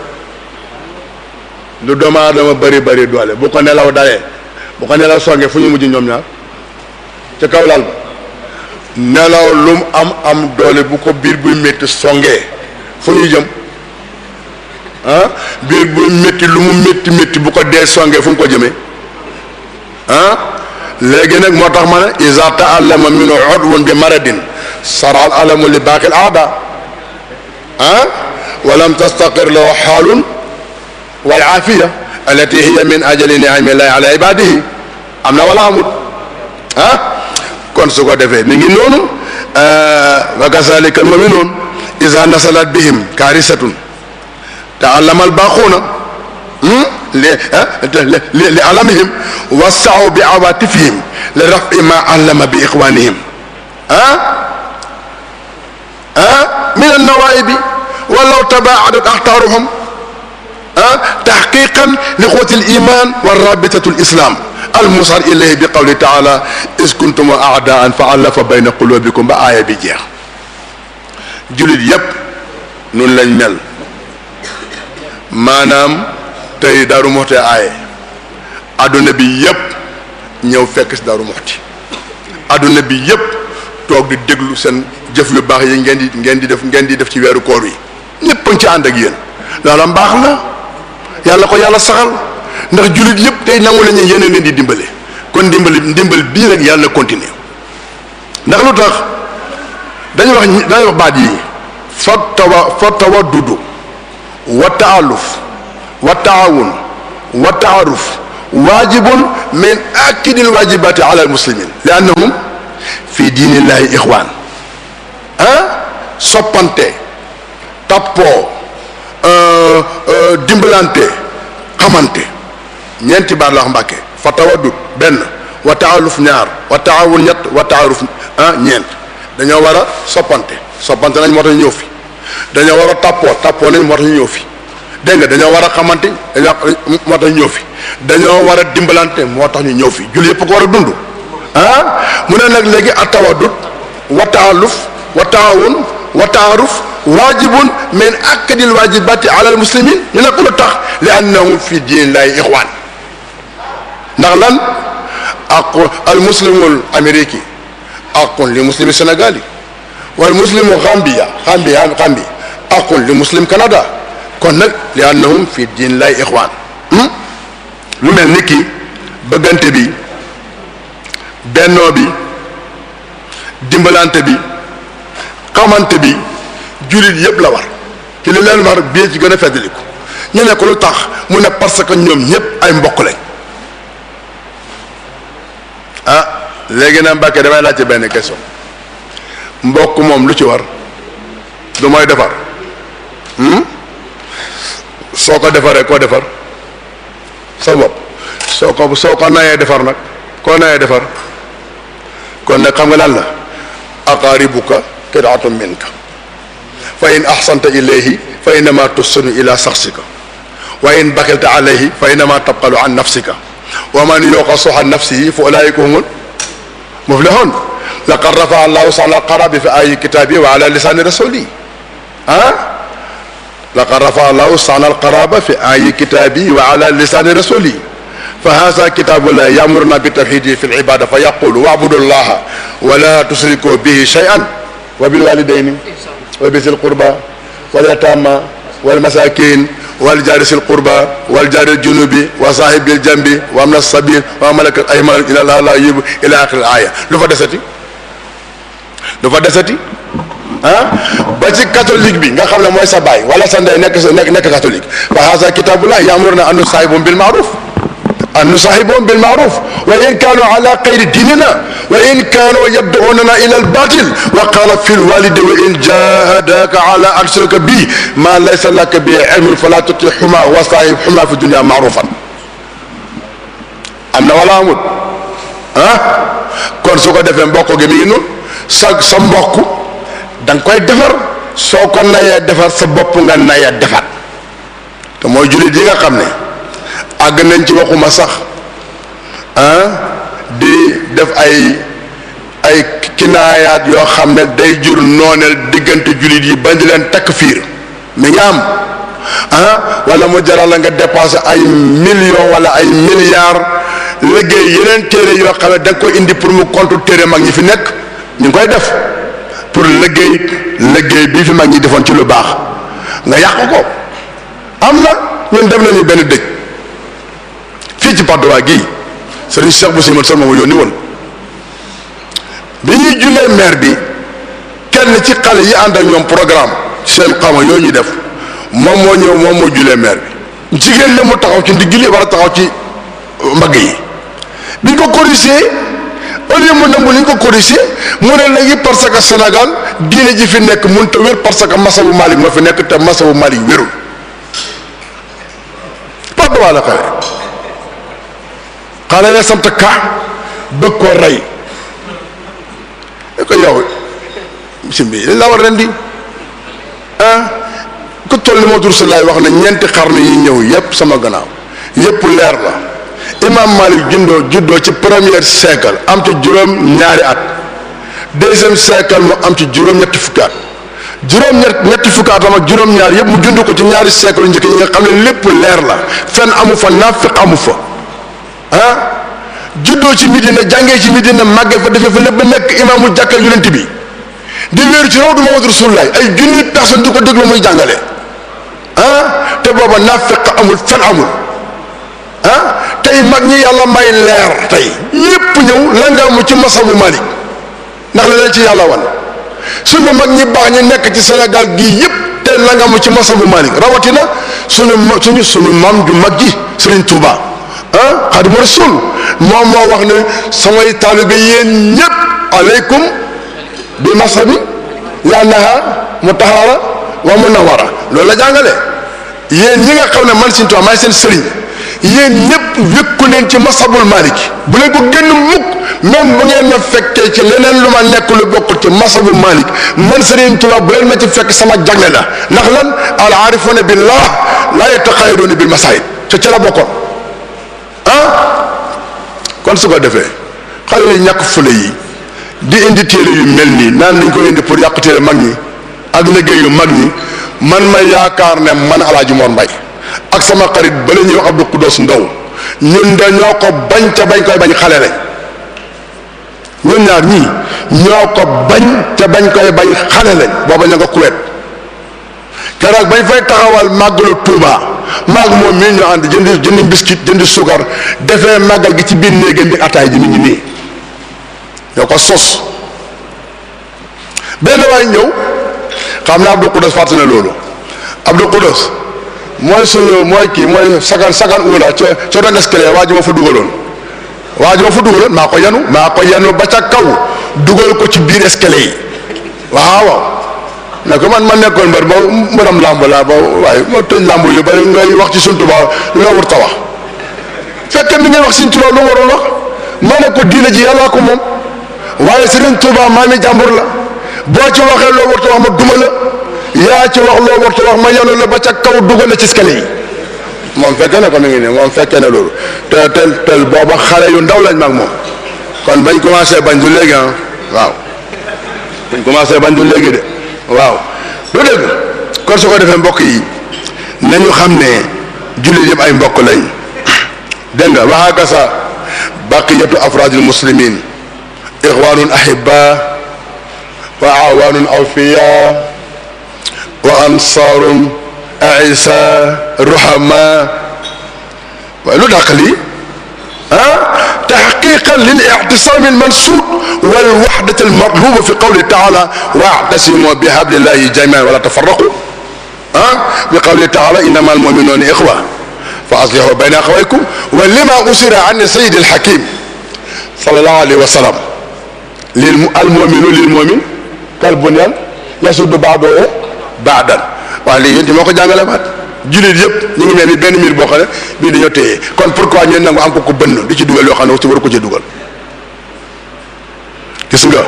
lu doomu aadama bari bari doole bu ko nelaw dalee bu ko nelaw songee fu ñu mujj ñoom ñaar ca kaw lal ba nelaw lu mu am am doole bu ko biir buy métti songee fu ñu jëm ah, biir buy métti lu mu métti métti bu ko dee songee fu mu ko jëmee ah, léegi nag moo tax ma ne iza ta'allama minhu udwun bi maradin saral alamu li baaqil aada ah walam tastaqir lahu xaalun wal aafiya allati hiya min ajali ni'amillahi ala ibadihi am na wala amul ah kon su ko defee mi ngi noonu wa kazalika ma mi noonu iza nasalat bihim karisatun ta'allama al-baaquuna hmm? li alamihim wassa'u bi awaatifihim li raf'i ma allama bi ikhwanihim ah ah min an-nawaa'ibi ولو تباعدت أخطارهم تحقيقا لقوة الإيمان والرابطة الإسلام المصار إليه بقوله تعالى إذ كنتم أعداء فألف بين قلوبكم ba aaya bi jeex jullit yépp nun lañ mel maanaam tey Daaru Muxti aaye adduna bi yépp ñëw fekk si Daaru Muxti adduna bi yépp toog di déglu seen jëf lu baax yi ngeen di ngeen di def ngeen di def ci weeru koor yi ñëpp ci ànd ak yéen loola mbaax la yàlla ko yàlla saxal ndax jullit yëpp tey nangu nañu yeneen leen di dimbale kon dimbali dimbal bii rek yàlla continuer ndax lu tax dañu wax dañu wax baat yi fa tawa fa tawa dudu wa taaluf wa taawun wa taaruf waajibun min akidil waajibaati ala almuslimin li annahum fi diinillahi ixwaan ah soppante tàppoo euh, euh, dimbalante xamante ñeenti baat la wax mbàkke fa tawaddut benn wa taaluf ñaar wa ñett wa taaruf ah, ñeent dañoo war a soppante soppante nañ moo tax ñu ñëw fi dañoo war a tàppoo tàppoo nañ moo tax ñu ñëw fi dégg nga dañoo war a xamante dañoo moo tax ñëw fi dañoo war a dimbalante moo tax ñu ñëw fi jul yëpp ko war a dund ah? mu ne nag léegi a tawaddut wa taaluf wa taawun wa taaruf waajibun min akadil waajibati ala al muslimin ñu ne ko lu tax li annahum fi diinillaahi ixwaan ndax lan aqu al muslimul amérique aqun li muslimi sénégal yi wal muslimu gambia gambia gambi aqun li muslim canada kon nag li annahum fi diinillaahi ixwaan hmm? lu mel ni ki bëggante bi bennoo bi dimbalante bi xamante bi jullit yëpp la war ci li leen war bii ci gën a feddaliku ñu ne ko lu tax mu ne parce que ñoom ñëpp ay mbokk lañ ah léegi na Mbàkke damay laajte benn question mbokk moom lu ci war du mooy defar hmm? soo ko defaree koo defar sa bopp soo ko soo ko nayee defar nag koo nayee defar kon nag xam nga laal la aqaaribuka qiraatun minka fa in ahsanta ilayhi fa innama tuhsinu ila saxsika wa in bakalta alayhi fa innama tabqalu an nafsika wa man yuqa suha nafsihi fa ulaika humul muflihun laqad rafa allahu sana alqarabi fi ayi kitabi wa ala lisani rasuli ah laqad rafa allahu sana alqaraba fi ayi kitabi wa ala lisani rasuli فهذا كتاب الله يأمرنا بالتوحيد في العبادة فيقول واعبدوا الله ولا تشركوا به شيئا wa bil walidayni wa bisil qurba wal yatama wal masakin wal jaari sil qurba wal jaari junubi wa sahib bil jambi wa amna sabil wa malakat ayman ina laa laa yib ila axiril aaya lu fa desati lu fa desati ah ba ci catholique bi nga xam ne mooy sa baay wala sa ndey nekk nekk nekk catholique fa haza kitabullah ya'muruna an nusahibu bil ma'ruf أن نصاحبهم بالمعروف وإن كانوا على غير ديننا وإن كانوا يدعوننا إلى الباطل وقال في الوالد وإن جاهداك على أن تشرك بي ما ليس لك به علم فلا تطعهما وصاحبهما في الدنيا معروفا am na wala amul ah kon su ko defee mbokk gi mi ngi noonu sa sa mbokk da nga koy defar soo ko nayee defar sa bopp nga nayee defar te mooy jullit yi nga xam ne àgg nañ ci waxuma sax ah di def ay ay kinaayaat yoo xam ne day jur nooneel diggante jullit yi bañ di leen takk fiir mi nga am ah wala mu jaral la nga dépenser ay millions wala ay milliards liggéey yeneen téere yoo xam ne da koy indi pour mu contre téere mag ñi fi nekk ñu ngi koy def pour liggéey liggéey bii fi mag ñi defoon ci lu baax nga yàq ko am na ñun dem nañu benn dëj fii ci Patte d'Oie gii sëriñ Cheikh bu si ma sëriñ ma yónni woon bi ñuy jullee maire bi kenn ci xale yi ànd ak ñoom programme seen ma yooyu ñuy def moom moo ñëw moom moo jullee maire bi jigéen la mu taxaw ci ndigg li war a taxaw ci euh, mbagg yi bi ñu ko corrigé au lieu mu nangu li ñu ko corrigé mu ne léegi parce que Sénégal diine ji fi nekk mun a wér parce que masabu Malick moo fi nekk te masabu Malick wérul Patte d'Oie la xale xale ne sant ka bëgg koo rey ko yow sim bi dañ war ren di ah ku toll li moo tur si laay wax ne ñeenti xarnu yi ñëw yépp sama gannaaw yépp leer la imam Malik jundoo juddoo ci première siècle am ci juróom ñaari at deuxième siècle mu am ci juróom ñetti fukki at juróom ñett ñetti fukki atam ak juróom ñaar yépp mu jund ko ci ñaari siècle njëkk ñi nga xam ne lépp leer la fenn amu fa naafiq amu fa ah juddoo ci Medina jàngee ci Medina màggee fa defee fa lépp ba nekk imaamul jàkkal yonent bi di wéeru ci rawdu Muhammad Rasulullah ay junni personne di ko déglu muy jàngale ah, te booba naafeq amul fen amul ah tey mag ñi yàlla may leer tey ñépp ñëw langaamu ci masabu Malik ndax la leen ci yàlla wan suñu mag ñi baax ñi nekk ci Sénégal gii yépp te langaamu ci masabu Malik rawatina suñu suñu suñu maam ju mag ji Serigne Touba. ah xaadimu rasul moom moo wax ne samay taalibe yéen ñëpp aleykum bi mashabi li mu mutahara wa munawara loolu la jàngale yenn ñi nga xam ne man Sëriñ Tuubaa maay seen sëriñ yéen ñëpp wékku leen ci masabul maliki bu leen ko génn mukk même bu ngeen ma fekkee ci leneen lu ma nekk lu bokkul ci masabul malik man Sëriñ Tuubaa bu leen ma ci fekk sama jagle la ndax lan al aarifuuna billah laa yataxayruna bil masaayib te ca bokkoon kon su ko defee xale yu ñàkk fule yi di indi téere yu mel nii naan dañ ko indi pour yàq téere mag ñi ak liggéey yu mag ñi man may yaakaar ne man alaaji Mor Mbay ak sama xarit bala ñuy wax Abdou Kudos Ndaw ñun dañoo ko bañ ca bañ koy bañ xale lañ ñun ñaar ñii ñoo ko bañ ca bañ koy bañ xale lañ booba ña nga kuweet keroog bañ fay taxawal màggalu Tuubaa maa ngi moom mii ñu ànd jënd jëndi biscuit jëndi suukar defee màggal gi ci biir néegam bi ataay ji mi ngi nii ñoo ko sos benn waay ñëw xam naa Abdou Koudous fàtte na loolu Abdou Koudous mooy suñu mooy kii mooy sagan sagan uula ca ca doon escalier waa ji ma fa dugaloon waa ma fa dugaloon maa ko yanu maa ko yanu ba ca kaw dugal ko ci biir escalier yi waaw. na ko man ma nekkoon mbër ba mbëram làmb laa ba waaye ma yu bari ngay wax ci suñ tubaab li nga warut a wax fekk mi ngay wax suñ tubaab lu mu waroon wax ma ne ko diina ji yàllaa ko moom waaye sëriñ tubaab maa mi la boo ci waxee loo warut a wax ma duma la yaa ci wax loo warut a wax ma yanu la ba ca kaw dugal la ci skale yi moom fekkee ne ko mi ngi nii moom fekkee ne loolu te tel tel booba xale yu ndaw lañ mag moom kon bañ commencé bañ du léegi ah waaw bañ commencé bañ du léegi de. waaw du dëgg kon su ko defee mbokk yi nañu xam ne jullit yëpp ay mbokk lañ dégg nga waxaaka sa baqiyatu afraadil muslimin ixwaanun ahibba wa awaanun awfiya wa ansaarum ah, aisa والوحدة المطلوبة في قوله تعالى واعتصموا بحبل الله جميعا ولا تفرقوا ها بقوله تعالى إنما المؤمنون إخوة فأصلحوا بين أخويكم ولما أسر عن السيد الحكيم صلى الله عليه وسلم المؤمن للمؤمن كالبنيان يشد بعضه بعضا waaye léegi yéen moo ko jàngale baat jullit yëpp ñu ngi mel ni benn mbir boo xam ne bii dañoo téye kon pourquoi ñun nangu am ko ko bënn di ci dugal yoo xam ne ci war ko ci dugal gis nga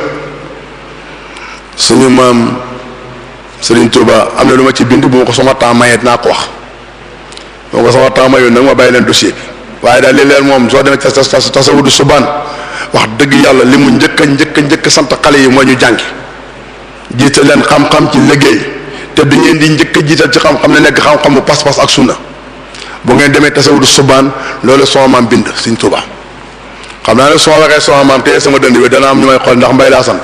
suñu maam Serigne Touba am na lu ma ci bind bu ma ko sama temps mayet naa ko wax bu ma ko sama temps nag ma bàyyi leen dossier bi waaye daal li leen moom soo demee tas tas tasawudu subaan wax dëgg yàlla li mu njëkk a njëkk a njëkk sant xale yi mooy ñu jàngi jiite leen xam-xam ci liggéey te du ngeen di njëkk a jiital ci xam-xam ne nekk xam-xam bu pas-pas ak sunna bu ngeen demee tasawudu subaan loolu sama maam bind Serigne Touba. xam naa ne su ma waxee sama maam te sama dënd bi dana am ñu may xool ndax mbay laa sant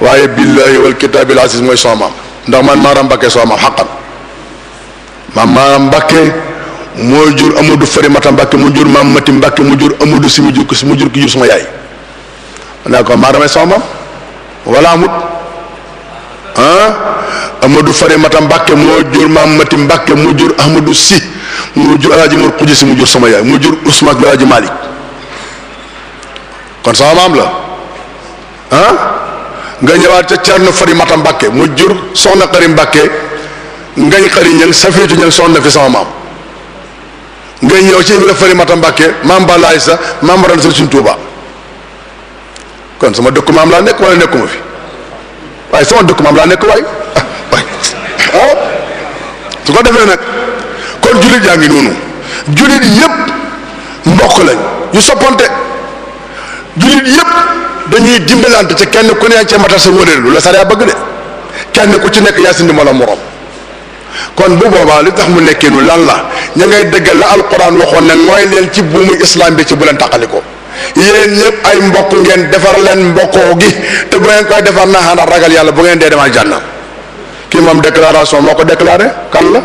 waaye billahi wal kitaabil aziz mooy sama maam ndax man maaram Mbàkke sama maam maam maaram Mbàkke jur Amadou Fari Mata Mbàkke mu jur maam Mati Mbàkke mu jur Amadou si mu jur ko si mu jur ki ah jur sama yaay moo jur maam mu jur si mu jur alaaji Mor kon sama maam la ah nga ñëwaat ca Cerno Fari Mata Mbàkke mu jur soxna Xari Mbàkke ngañ Xari ñëng safeetu ñëng soxna fi sama maam nga ñëw ci Ibra Fari Mata Mbàkke maam Balaay sa maam waran sa suñ Tuuba kon sama dëkku maam laa nekk wala nekkuma fi waaye sama dëkku maam laa nekk waay ah, su ko defee nag kon jullit yaa ngi noonu jullit yépp mbokk lañ yu soppante jullit yëpp dañuy dimbalante te kenn ku ne ci ngi cee matal sa ngóoreel lu la sariya bëgg de kenn ku ci nekk yaa si ndimbala morom kon bu boobaa li tax mu nekkee nu la ña ngay dëggal la alquran waxoon ne mooy leen ci buumu islam bi ci bu leen taqali ko yéen ñëpp ay mbokk ngeen defar leen mbokkoo gi te bu ngeen koy defar naa xanaa ragal yàlla bu ngeen dee demal jànna kii moom déclaration moo ko déclaré kan la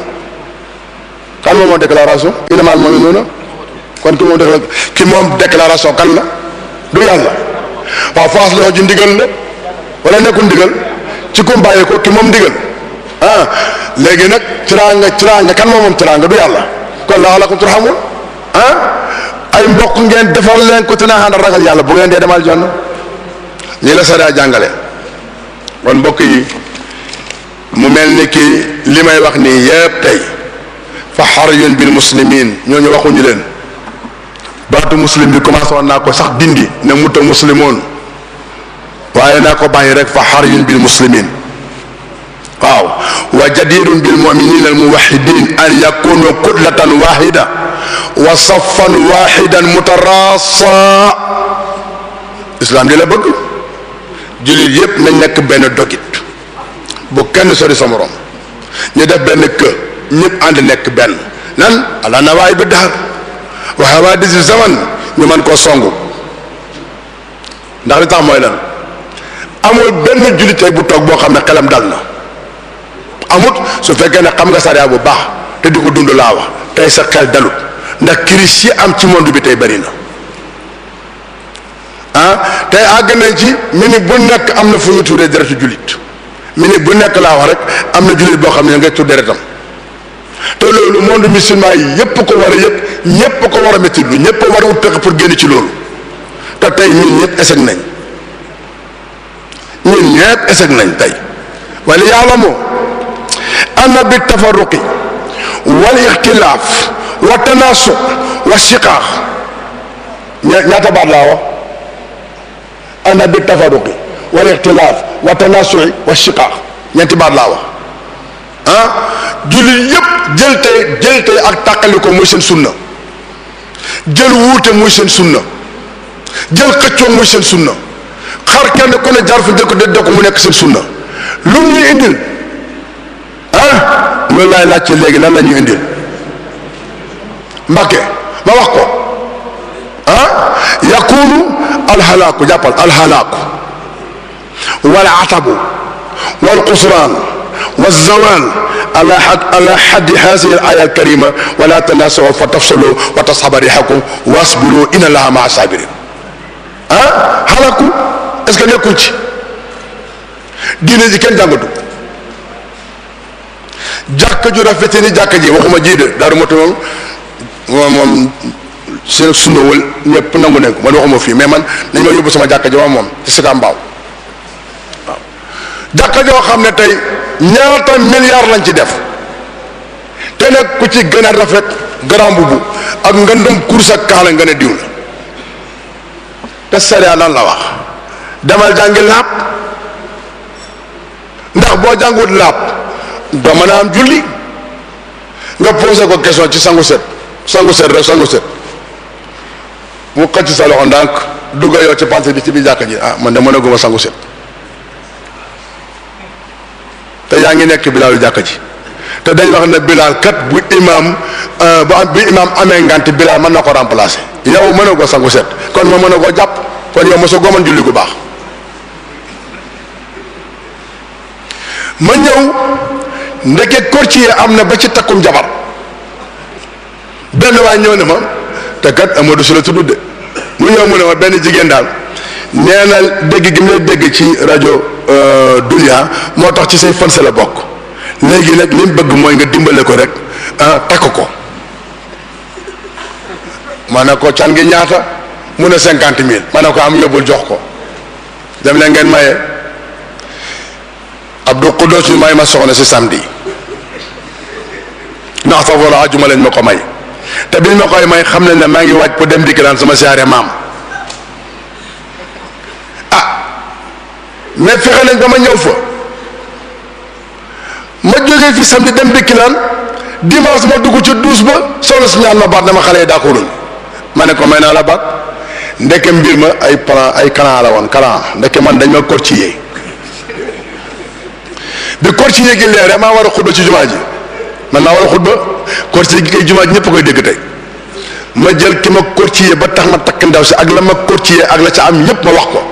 kan moom moom déclaration. ilimaan moom noonu kon moom déclaration kan la. du yàlla waa France la ji ndigal la wala nekkul ndigal ci ko bàyyee ko ki moom ndigal ah, léegi nag tiraanga tiraanga kan moom moom tiraanga du yàlla kon laa la ko turxamul ah, ay mbokk ngeen defar leen ko te naa ragal yàlla bu ngeen dee demal jonn lii la sariya jàngale kon mbokk yi mu mel ni ki li may wax nii yépp tey fa xarjun bil muslimin ñooñu waxuñu leen baatu muslim bi commencé woon naa ko sax dindi na mutta muslimoon waaye naa ko bàyyi rek fa xariyun muslimin waaw wa jadirun bil muminin al muwahidin an yakunu kutlatan wahida wa safan wahidan mutarasa islam di la bëgg jullit yépp nañ nekk benn dogit bu kenn sori sa morom ñu def benn kë ñëpp ànd nekk benn nan ala na bi daxar wa hawadis zaman ñu mën koo songu ndax li tax mooy lan amul benn jullit tey bu toog boo xam ne xelam dal na amut su fekkee ne xam nga sariya bu baax te di ko dund laa wax tey sa xel dalut ndax crise yi am ci monde bi tey bëri na ah tey àgg nañ ci minute bu nekk am na fu ñu tuddee deretu jullit minute bu nekk laa wax rek am na jullit boo xam ne ngay tudd deretam te loolu monde musulman yi yépp ko war a yëg ñépp ko war a métti lu ñépp war a wut pexe pour génn ci loolu te tey ñun ñëpp échec nañ ñun ñëpp échec nañ tey wala yàlla moo bi tafarruqi wal ixtilaaf wa tanasuq wa shiqaax ñaata baat laa wax anna bi tafarruqi wal ixtilaaf wa tanasuqi wa shiqaax ñeenti baat laa wax ah jullit yépp jël tey jël tey ak tàqali ko seen sunna jël wuute mooy seen sunna jël xëccoo mooy seen sunna xar kenn ku ne jaar fu jëkk mu nekk seen sunna lu ñuy indil ah loolu laay laajte léegi lan la ñuy indil Mbàkke ma wax ko ah yakunu alxalaaku jàppal alxalaaku wal atabu wal xusraan wa zawal ala ala haddi hadihi al aya al karima wala tanasaw fa tafsalu wa tasxaba rixakum wasbiru inna allaha maa sabirin ah xalaku est-ce que nekkul ci diine ji kenn jàngatu jàkk ju rafete ni jàkk ji waxuma ji de daaru mata moom wal ñëpp nangu nañ ko man waxuma fii mais man ma yóbbu sama jàkk ji moom moom ci si ka mbaaw ne tey ñaata milliards lañ ci def te nag ku ci gën a rafet grand mbubb ak ngëndam course ak kaala nga ne diw la te sariya lan la wax demal jàngi laab ndax boo jàngut laab doo mën a am julli nga posé ko question ci sangu set sangu set rek sangu set mu xëcc sa loxo ndànk dugga yow ci panse bi ci biir jàkka ji ah man de mën a guma sangu set te yaa ngi nekk bilaalu jàkk ci te dañ wax na bilaal kat bu imaam euh, bu am bu imaam amee ngant bilaal mën na ko remplacer yow mën a ko sangu set kon moom mën a koo jàpp kon yow mosoo goman julli gu baax ma ñëw ndeke courtier am na ba ci takkum jabar benn waay ñëw ne ma te kat Amadou Sy la tudd de mu ñëw mu ne ma benn jigéen daal nee na dégg gi mu lay dégg ci rajo euh, dunia moo tax ci say fanse la bokk léegi nag li bëgg mooy nga dimbale ko rek ah, takk ko ma ne ko can gi ñaata mu ne cinquante mille ma ne ko am yóbbul jox ko dem leen ngeen maye Abdou Quddus ñu may ma soxna si samedi ndax sax wala ajuma lañ ma ko may te biñ ma koy may xam ne ne maa ngi waaj pour dem dikki daan sama siyaare maam mais fexe nañ ba ma ñëw fa ma jógee fi samedi dem Birkelane dimanche ma dugg ci douche ba soxna si ñaan ma baat dama xale yi d'accord ma ne ko may naa la baat ndeke mbir ma ay plan ay kalan la woon kalan ndeke man dañ ma korciyee bi korciyee gi leer maa war a xutba ci jumaa ji man maa war a xutba korciyee gi kay jumaa ji ñëpp koy dégg tey ma jël ki ma korciyee ba tax ma takk ndaw si ak la ma korciyee ak la ci am ñëpp ma wax ko.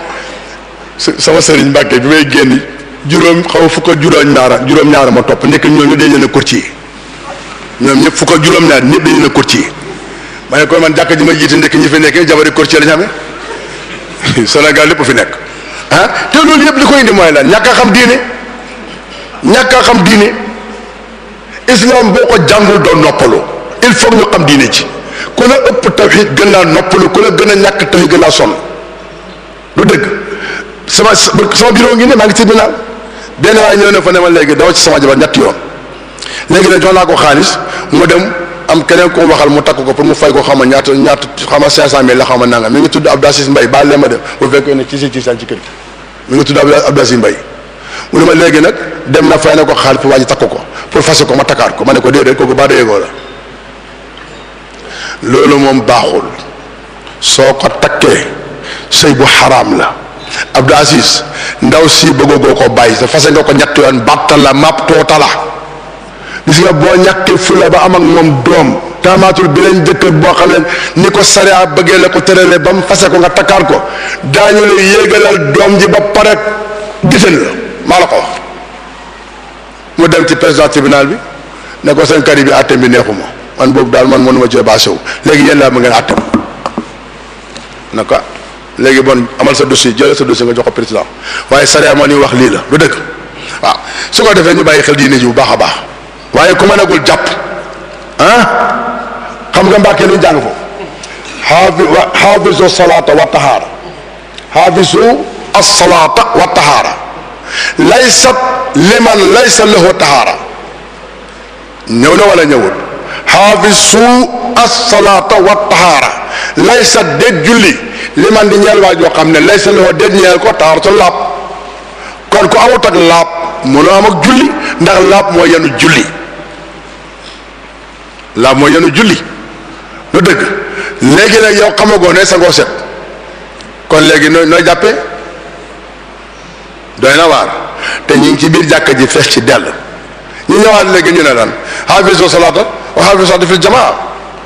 sama sëriñ Mbàkke bi may génn juróom xaw fukk ak juróom ñaara juróom ñaara ma topp ndekk ñooñu dañ leen a kurci ñoom ñëpp fukk juróom ñaar ñëpp dañ leen a kurci ma ne kon man jàkk ji ma jiite ndekk ñi fi nekk jabari kurci la ñu amee Sénégal lépp fi nekk ah te loolu yëpp li koy indi mooy ñàkk xam diine ñàkk xam diine islam boo ko jàngul doo noppalu il faut ñu xam diine ci ku la ëpp tawhid gën laa noppalu ku la gën a ñàkk tawhid gën a sonn du dëgg sama sama bureau ngi ne maa ngi tribunal benn waay ñëw ne fa ma léegi daw ci sama jabar ñetti yoon léegi nag jox naa ko xaalis mu dem am keneen koo waxal mu takk ko pour mu fay ko xama ñaata ñaata xama cinq cent mille la xam ma nangam mi ngi tudd Abdou Aziz Mbaye baal leen ma dem bu fekkee ne ci si ci seen ci kër gi mi ngi tudd Abdou Aziz Mbaye mu ne ma léegi nag dem na fay na ko xaalis pour wàññi takk ko pour fasse ko ma takkaat ko ma ne ko déedéet kooku baa déyegoo la loolu moom baaxul soo ko takkee sëy bu xaraam la Abdou Aziz ndaw si bëggoo ko bàyyi sa fase nga ko ñett yoon bàttal la map toota la gis nga boo ñàkkee fula ba am ak moom doom taamaatul bi leen jëkkër boo xam ne ni ko sariya bëggee la ko tërale ba mu fase ko nga takkaar ko daañu la yéegalal doom ji ba pare gisal la maa la ko mu dem ci président tribunal bi ne ko seen kari bi àtte bi neexuma man boobu daal man mënuma cee baase wu léegi yéen laa ma ngeen àtte na léegi bon amal sa dusi jëlal sa dossier nga jox ko président waaye sari moo ni wax lii la lu dëgg waaw su ko defee ñu bàyyi xel diine ji bu baax a baax waaye ku mënagul jàpp ah xam nga mbàkkee lu jàng foofu xaafi wa xaafisu salaata wa tahaara xaafisu as-salaata liman laysa lahu tahaara ñëw na wala ñëwul xaafisu as-salaata wa tahaara laysa déet julli li man di ñeel waaj yoo xam ne laysa loo déet ñeel ko taar sa laab kon ku amut ak laab mënoo am ak julli ndax laab moo yenu julli lu dëgg léegi nag yow xamagoo ne sa ngoo set kon léegi nooy nooy jàppee doy na te ñu ci biir jàkka ji fees ci dell ñu ñëwaat léegi ñu ne lan xaafisu salaata wa xaafisu salaata fil jamaa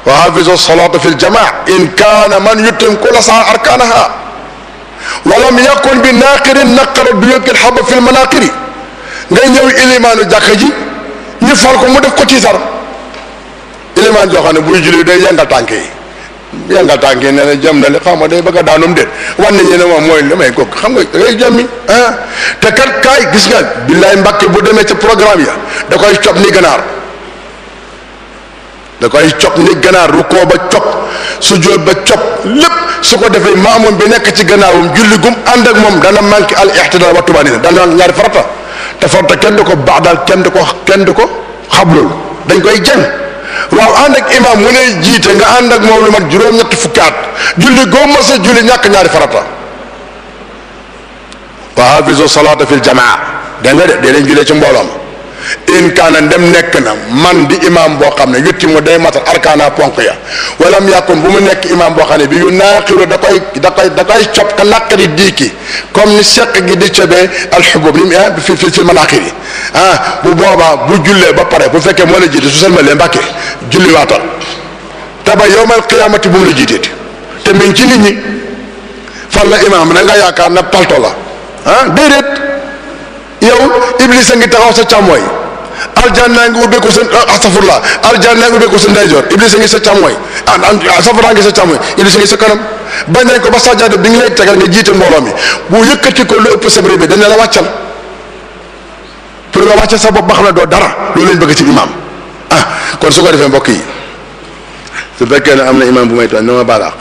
wa hafizu salata fi ljamaa in kana man yutim kula saa arkanaha walam yakun bi naqirin naqara du yëkkil xaba fi lmanaqiri ngay ñëw ilimaanu jàkka ji ñu fal ko mu def ko tiitar ilimaan joo xam ne buy julli day yëngal tànk yi yëngal tànk yi nee na jëm na li xam nga day bëgg a daanum déet wan nañu ne moom mooy li may ko xam nga da ngay jëmmi ah te kat kaay gis nga billaay mbàkke bu demee ca programme ya da koy cob ni ganaar da ko ay cop ni ganaar rukkoo ba cop sujjóot ba cop lépp su ko defee maamoom be nekk ci gannaawam julli gum ànd ak moom dana manqué al ixtidaal wa tumaanina dana ñaari farata te farata kenn du ko baax daal kenn du ko kenn du ko xablul dañ koy jàng waaw ànd ak imaam mu ne jiite nga ànd ak moom lu mat juróom-ñetti fukkaat julli goo ma a julli ñàkk ñaari farata wa hafizu salaata fil jamaa de nga de dee leen jullee ci mbooloom in kaana dem nekk na man di imaam boo xam ne yutti mu day matal arkaana ponk ya walam yàkkun bu mu nekk imaam boo xam ne bi yu naaxiru da koy da koy da koy cob ka làkk di diiki comme ni seq gi di cobee alxubub li mu ah, fi fi fi manaaxir yi ah bu boobaa bu jullee ba pare bu fekkee moo la jiite su salmalee mbàkke julli waatal te ba yowmal qiyaamati bu mu la jiiteeti te mi ci nit ñi fan la imaam na nga yaakaar na palto la ah, déedéet yow Iblis a ngi taxaw sa càmmooy aljanna ngi ubbeeku sa ah, astafurla aljanna ngi ubbeeku sa ndeyjoor Iblis a ngi sa càmmooy ah, ah safara ngi sa càmmooy Iblis a ngi sa kanam bañ nañ ko ba sajjaada bi ngi lay tegal nga jiite mbooloo mi bu yëkkati ko lu ëpp sabre bi dañ la wàccal pour nga wàccal sa bopp ba xam ne doo dara loolu lañ bëgg ci imaam ah kon su ko defee mbokk yi su fekkee ne am na imaam bu may tooñ na ma baal àq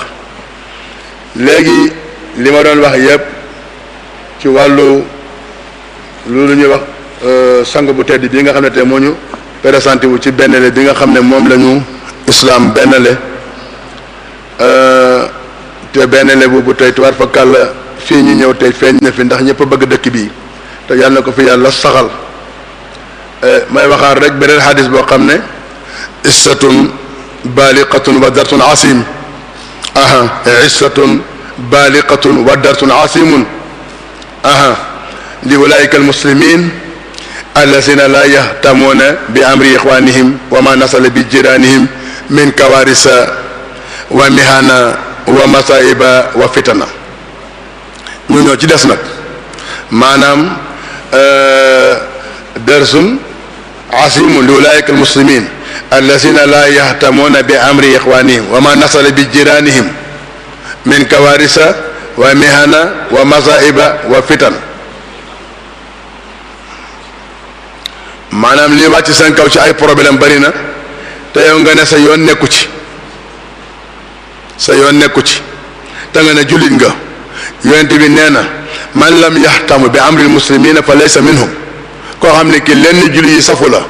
léegi li ma doon wax yépp ci loolu ñuy wax euh, sang bu tedd bi nga xam ne tey moo ñu présenté wu ci bennle bi nga xam ne moom la ñu islam bennle euh, te bennle boobu tey tuwaar fa kàll fii ñu ñëw tey feeñ na fi ndax ñëpp a bëgg dëkk bii te yàlla na ko fi yàlla saxal euh, may waxaar rek beneen xadis boo xam ne issatun baaliqatun wa dartun asim aha issatun baaliqatun wa dartun asimun aha li ulaika almuslimin allazina la yahtamuna bi amri ixwanihim wa ma nasala bi jiranihim min kawarisa wa mihana wa masaiba wa fitana ñu ñoo ci des nag maanaam euh, dersun asimun li ulaika almuslimin allazina la yahtamuna bi amri ixwanihim wa ma nasala bi jiranihim min kawarisa wa mihana wa masaiba wa fitana maanaam li wàcc seen kaw ci ay problème bari na te yow nga ne sa yoon nekku ci sa yoon nekku ci te nga ne jullit nga yonent bi nee na man lam yaxtamu bi amril muslimina fa laysa minhum koo xam ne ki lenn jullit yi safu la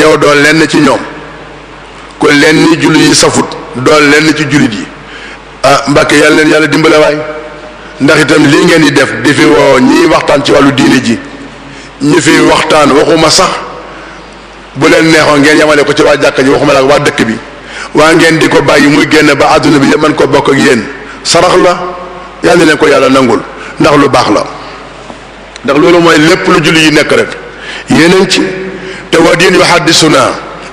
yow doo lenn ci ñoom kon lenn jullit yi safut doo lenn ci jullit yi ah mbàkke yàlla leen yàlla dimbale waay ndax itam lii ngeen di def di fi woo ñiy waxtaan ci wàllu diine ji ñi fi waxtaan waxuma sax bu leen neexoon ngeen yamale ko ci waa jàkka ji waxuma la ak waa dëkk bi waa ngeen di ko bàyyi muy génn ba àdduna bi yëpp ko bokk ak yéen sarax la yàlla leen ko yàlla nangul ndax lu baax la ndax loolu mooy lépp lu julli yi nekk rek yéeneen ci te wa diin yu xaddisuna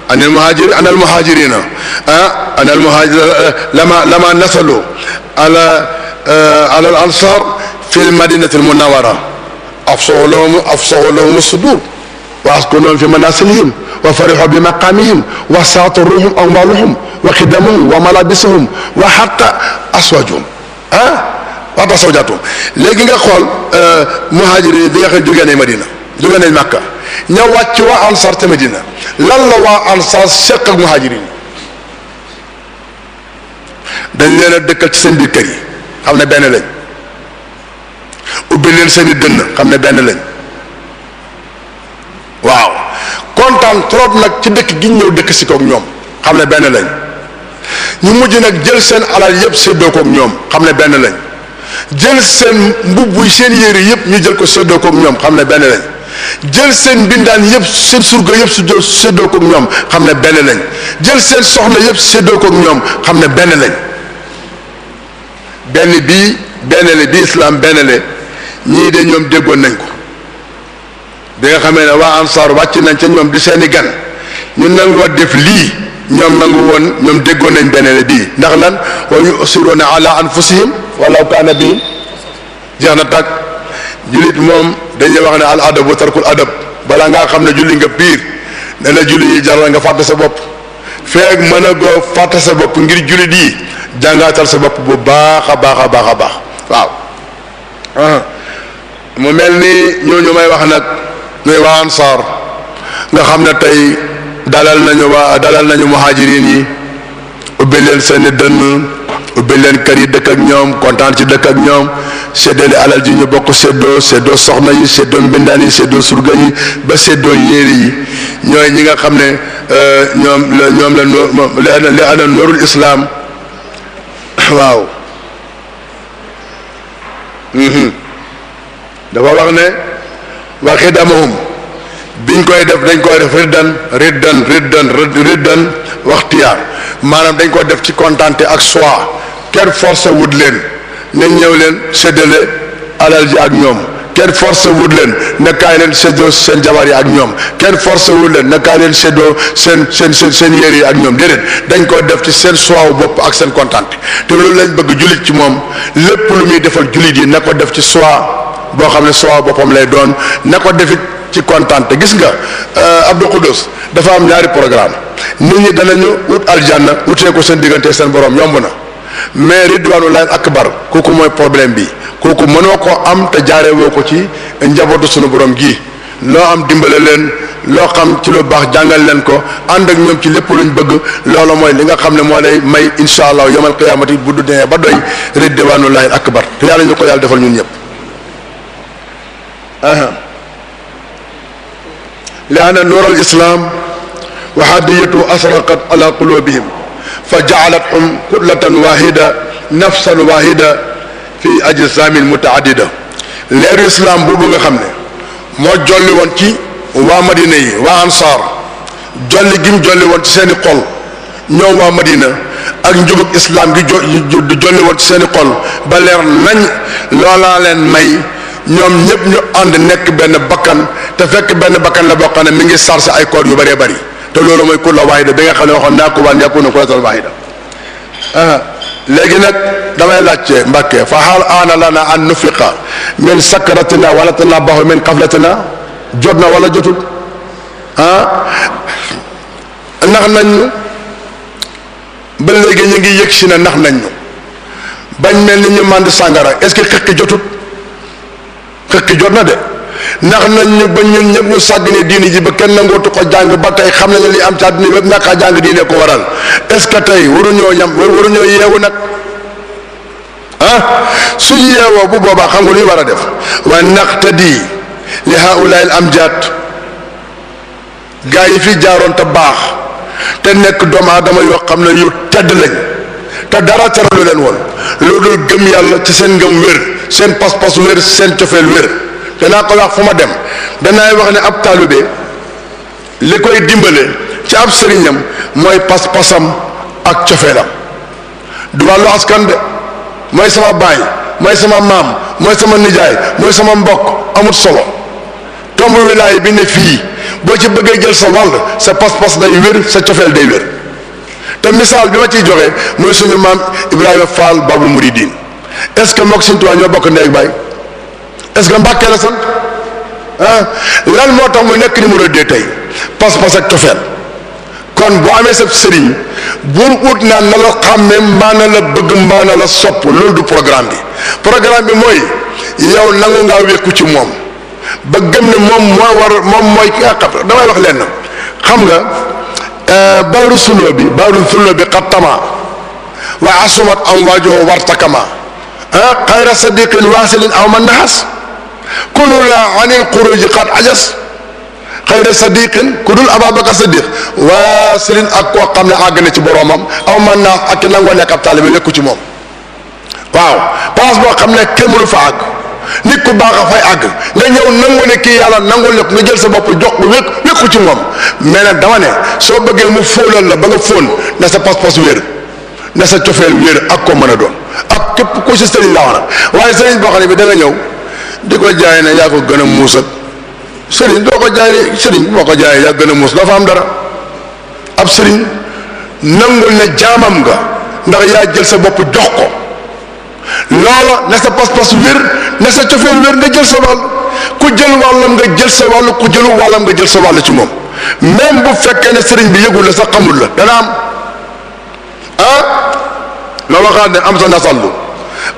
anil muhajir anal ah, lama lama nasalu ala eh, ala al ansar fi al madinati al munawara afsahu lahum afsahu sudur وأسكنهم في منازلهم وفرحوا بمقامهم وسعت روحهم أموالهم وخدمهم وملابسهم وحق أزواجهم ah waxta sawjaatuhum léegi nga xool muhaajir yi di nga xam jógee nañ Madina jógee nañ Makka ña wàcc waa Ansaar te Madina lan la waa Ansaar seq ak muhaajir yi dañ leen a dëkkal ci seen biir kër yi xam ne benn lañ ubbi leen seen i dënn xam ne benn lañ. waaw kontaan trop nag ci dëkk gi ñëw dëkk si kook ñoom xam ne benn lañ ñu mujj nag jël seen alal yépp séddoo kook ñoom xam ne benn lañ jël seen mbubb seen yére yépp ñu jël ko séddoo kook ñoom xam ne benn jël seen bindaan yëpp seen surga yëpp su séddoo kook ñoom xam ne benn lañ jël seen soxna yëpp séddoo kook ñoom xam ne benn lañ benn bii benn la bi islam benn la ñii de ñoom déggoon nañ ko bi nga xamee ne waa ansaar wàcc nañ ca ñoom di seeni gan ñu nangoo def lii ñoom nangu woon ñoom déggoon nañ beneen bii ndax lan wa yusiruuna ala anfusihim walaw kaana bihim jeex na tàkk jullit moom dañuy wax ne al adab wa tarkul adab balaa ngaa xam ne julli nga piir dana la julli yi jaral nga fàtte sa bopp feeg mën a goo fàtte sa bopp ngir jullit yi jàngaatal sa bopp bu baax a baax a baax a baax waaw ah. mu mel ni ñooñu may wax nag ñooy waa ansaar nga xam ne tey dalal nañu waa dalal nañu muhajirin yi ubbi leen seeni dënn ubbi leen kër yi dëkk ak ñoom kontaan ci dëkk ak ñoom séddale alal ji ñu bokk séddoo séddoo soxna yi séddoo mbindaan yi séddoo surga yi ba séddoo yéeri yi ñooy ñi nga xam ne euh, ñoom la ñoom la li ana noorul islaam waaw mhm. dafa wax ne wa xidamahum biñ koy def dañ koy def riddan riddan riddan riddan waxtiyaar maanaam dañ koy def ci kontante ak soi kenn forcé wut leen ne ñëw leen séddale alal ak ñoom kenn forcé wut leen ne kaay leen séddoo seen jabar yi ak ñoom kenn forcé wut leen ne kaay leen séddoo seen seen seen seen yére yi ak ñoom déedéet dañ koy def ci seen soiw bopp ak seen kontante te loolu lañ bëgg jullit ci moom lépp lu muy defal jullit yi na ko def ci soi boo xam ne soow boppam lay doon ne ko defit ci kontaan te gis nga euh, Abdou Khoudous dafa am ñaari programme nit ñi danañu wut aljanna wutee ko seen diggante seen borom yomb na mais ridwaanu ak akbar kooku mooy problème bi kooku mënoo ko am te jaarewoo ko ci njabootu sunu boroom gi loo am dimbale leen loo xam ci lu baax jàngal leen ko ànd ak ñoom ci lépp luñ bëgg loolu mooy li nga xam ne moo lay may incha allah yomal qiyaamati bu du demee ba doy ridwaanu laay akbar te yàlla ñu ko yàlla defal لأن نور الإسلام وحديته أسرقت على قلوبهم فجعلتهم كتلة واحدة نفسا واحدة في أجسام متعددة leeru islam boobu nga xam ne moo jolli woon ci waa madina yi waa ansaar jolli gim jolli woon ci seeni xol ñoom waa madina ak njubug islam gi jolli woon ci seeni xol ba leer nañ loolaa leen may ñoom ñëpp ñu ànd nekk benn bakkan te fekk benn bakkan la boo xam ne mi ngi sarse ay koor yu bëree bëri te loolu mooy kulla waahida bi nga xam ne waxoon naa ko waan yakuna kullatan waahida ah, léegi nag damay laajte Mbàkke fa hal aana lana an nufiqa min sakratina wala tanabbahu min jot na wala jotul ah nax nañ ñu ba léegi ngi yëg si ne nax nañ bañ mel ni ñu mànd sàngara est-ce que xëq jotut xëkk jot na de ndax nañ ñu ba ñun ñëpp ñu sàgg ne diini ji ba kenn nangootu ko jàng ba tey xam na nañ li am ci àddina bépp ñàkk a jàng diine ko waral est-ce que tey waruñoo yam waruñoo yeewu nag ah suñ yeewoo bu boobaa xam nga lu ñu war a def wa naqtadi li am jaat gaa yi fi jaaroon te baax te nekk doomu aadama yoo xam ne yu tedd lañ te dara teralu leen woon loolu dul gëm yàlla ci seen ngëm wér seen pas-pas wér seen cofeel wér danaa ko wax fu ma dem danaay wax ne ab taalibe li koy dimbale ci ab sëriñam mooy pas-pasam ak cofeelam du wàllu askan de mooy sama baay mooy sama maam mooy sama nijaay mooy sama mbokk amut solo tomb wilaay bi ne fii boo ci bëggee jël sa wàll sa pas-pas day wér sa cofeel day wér te misaal bi ma ciy joxe mooy sunu maam Ibrahima Fall Babul Mouridine est-ce que mook Sëñ Tuubaa ñoo bokk ndey ak baay est-ce que Mbàkke la sant ah lan moo tax mu nekk numéro deux tey pas-pas ak cofeel kon bu amee sa sëriñ buum ut naan na la xàmme la bëgg mbaa la sopp loolu du programme bi programme bi mooy yow nangu ngaa wékku ci moom ba gëm ne moom moo war moom mooy ki xam nga euh, baaru sunoo bi baaru sunoo bi xattama wa asumat am waajoxo wartakama Ah, xayra sadiqin waasilin aw man naxas kulula anil xuruji xat ajas xayra sadiqin ku dul ababacar sadiq waasilin ak koo xam ne àgg na ci boromam aw man naas ak ki nangoo nekk ab taalibi nekku ci moom waaw place boo xam ne kenn mënu fa àgg nit ku baax a fay àgg nga ñëw nangu ne kii yàlla nangu nekk nga jël sa bopp jox ko wékk ci moom mais nag dama ne soo bëggee mu fóolal la ba nga fóon na sa pas-pas wér na sa cofeel wéer ak ko mën a doon ak képp ko si sëriñ laaw nag waaye sëriñ boo xam ne bi da ñëw di ko jaay na yaa ko gën a muus ak sëriñ doo ko jaay sëriñ boo ko jaay yaa a muus doo fa am dara ab sëriñ nangul ne jaamam nga ndax yaa jël sa bopp jox ko loola na sa pas-pas wér na sa cofeel wér nga jël sa wàll ku jël wàllam nga jël sa wàll ku jëlu wàllam nga jël sa wàll ci moom même bu fekkee ne sëriñ bi yëgul la sax xamul la dana am ah ma waxaat ne am sa nasallu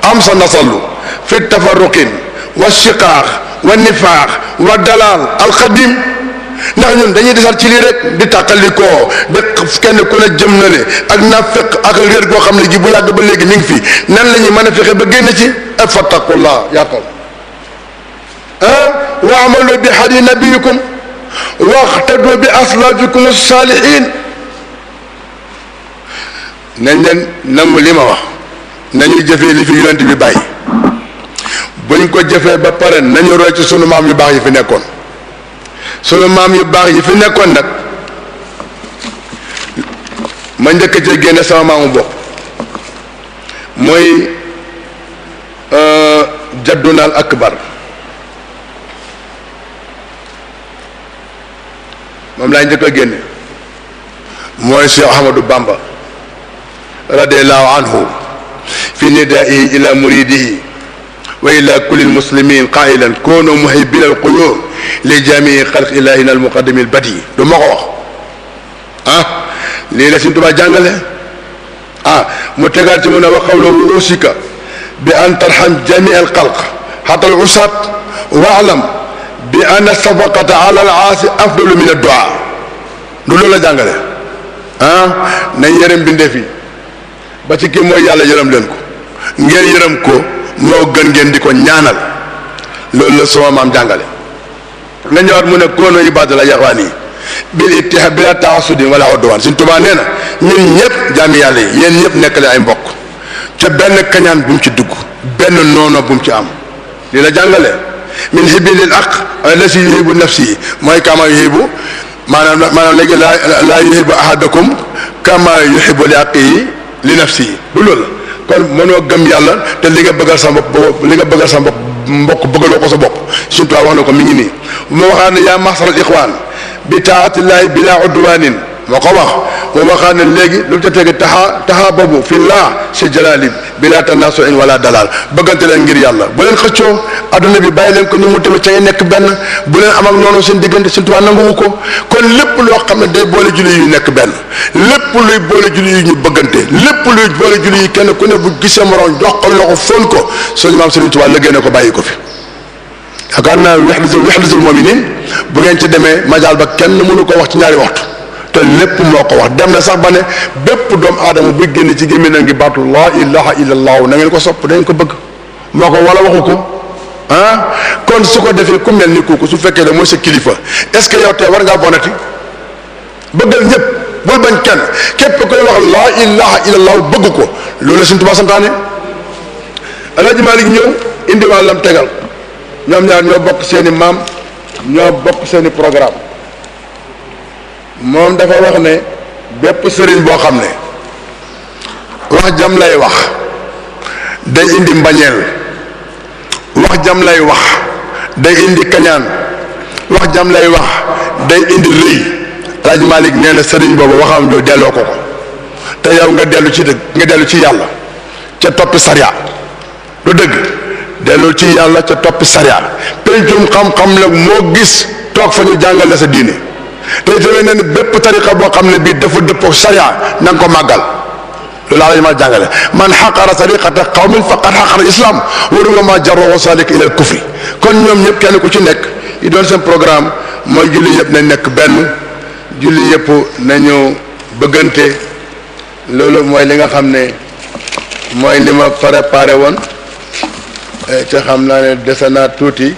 am sa nasallu fi tafarruqin wa shiqaax wa nifaax wa dalaal alxadim ndax ñun dañuy desal ci lii rek di tàqalikoo di kenn ku ne jëm na le ak nafiq ak réer goo xam ne gi bu yàgg ba léegi mi ngi fi nan la ñuy mën a fexe ba génn ci ak fattaqullah yaatal ah, wa amalu bi hadi nabiyikum waxtadu bi aslaafikum saalihin nañ leen namm li ma wax nañu jëfee li fi yonent bi bàyyi buñ ko jëfee ba pare nañu roy ci sunu maam yu baax yi fi nekkoon sunu maam yu baax yi fi nekkoon nag ma njëkk ci génne sama maamu bopp mooy euh, jaddunaal akbar moom laay njëkk a génne mooy Cheikh Ahmadou Bamba radiallahu anhu fi nidaa'i ila muridihi wa ila kulli lmuslimin qailan kunu muhibbina alqulub li jamii xalq ilahina almuqaddami albadi du ma ko wax ah lii la Sëriñ Tuubaa jàngale ah mu tegaat ci mu ne wa qawluhu usika bi an tarham jamii alxalq hatta alusat waalam bi anna sadaqata ala alaasi afdalu min addua du loolu la jàngale ah nañ yërëm bindeef yi ba ci kii yàlla yërëm leen ko ngeen yërëm ko moo gën ngeen di ko ñaanal loolu la sama maam jàngale nga ñëwaat mu ne koono ibadala yaxwaan yi bil ittiha bila taasudin wala odduwaan suñ tubaa nee na ñun ñëpp jaami yàlla yi yéen ñëpp nekk la ay mbokk ca benn kañaan bu ci dugg benn noono bum ci am li la jàngale min hibi lil aq la si yuhibu nafsi yi mooy kama yuhibu maanaam maanaam léegi laa laa yuhibu ahadakum kama yuhibu li li nafsi yi du loolu kon mënoo gëm yàlla te li nga bëggal sa bopp li nga bëggal sa bopp mbokk bëggaloo ko sa bopp suñu a wax na ko mi ngi nii ma waxaat ne yaa maxsaral ixwaan bi taatillahi bila udwanin moo ko wax mu waxaa ne léegi lu mu ca tegi taxaa taxaa boobu fi laa si jalali bi laa tanaaso in wala dalal bëggante leen ngir yàlla bu leen xëccoo adduna bi bàyyi leen ko ni mu tamit ca nekk benn bu leen am ak seen diggante seen tubaab nanguwu ko kon lépp loo xam ne day boole julli yu nekk benn lépp luy boole julli yu ñu bëggante lépp luy boole julli yu kenn ku ne bu gisee morom jox ko loxo fóon ko suñu maam Sëriñ Tuubaa liggéey na ko bàyyi ko fi yaakaar naa wexdatul wexdatul mu'minin bu ngeen ci demee majaal ba kenn mënu ko wax ci ñaari waxtu te lépp moo ko wax dem na sax ba ne bépp doomu aadama buy génn ci gémmiñ ngi baatu laa ilaha illallah nangeen ko sopp na ko bëgg moo ko wala waxu ko ah kon su ko defee ku mel ni kooku su fekkee ne mooy sa kilifa est-ce que yow tey war ngaa bonati bëggal ñëpp bul bañ kenn képp ku wax laa ilaha bëgg ko loolu la suñ tubaab santaane Alaaji Maalik ñëw indi wàllam tegal ñoom ñaar ñoo bokk seeni maam ñoo bokk seeni programme moom dafa wax ne bépp sëriñ boo xam ne wax jam lay wax day indi mbañeel wax jam lay wax day indi kañaan wax jam lay wax day indi rëy Raaj Malik nee sëriñ boobu waxam du delloo ko ko te yow nga dellu ci dëgg nga dellu ci yàlla ca toppi sariya du dëgg dellu ci yàlla ca toppi sariya pencum xam-xam la moo gis toog fa ñu jàngal la sa diine te itamit nee na bépp tariqa boo xam ne bii dafa dëppoo sharia na ko màggal loolu laa la ñu mën a jàngale man xaqara tariqata qawmin faqad xaqara islam waru nga maa jaroo wa salik ila kon ñoom ñëpp kenn ku ci nekk yi doon seen programme mooy julli yëpp nañ nekk benn julli yëpp nañu bëggante loolu mooy li nga xam ne mooy li ma préparé woon ca eh, xam naa ne dese naa tuuti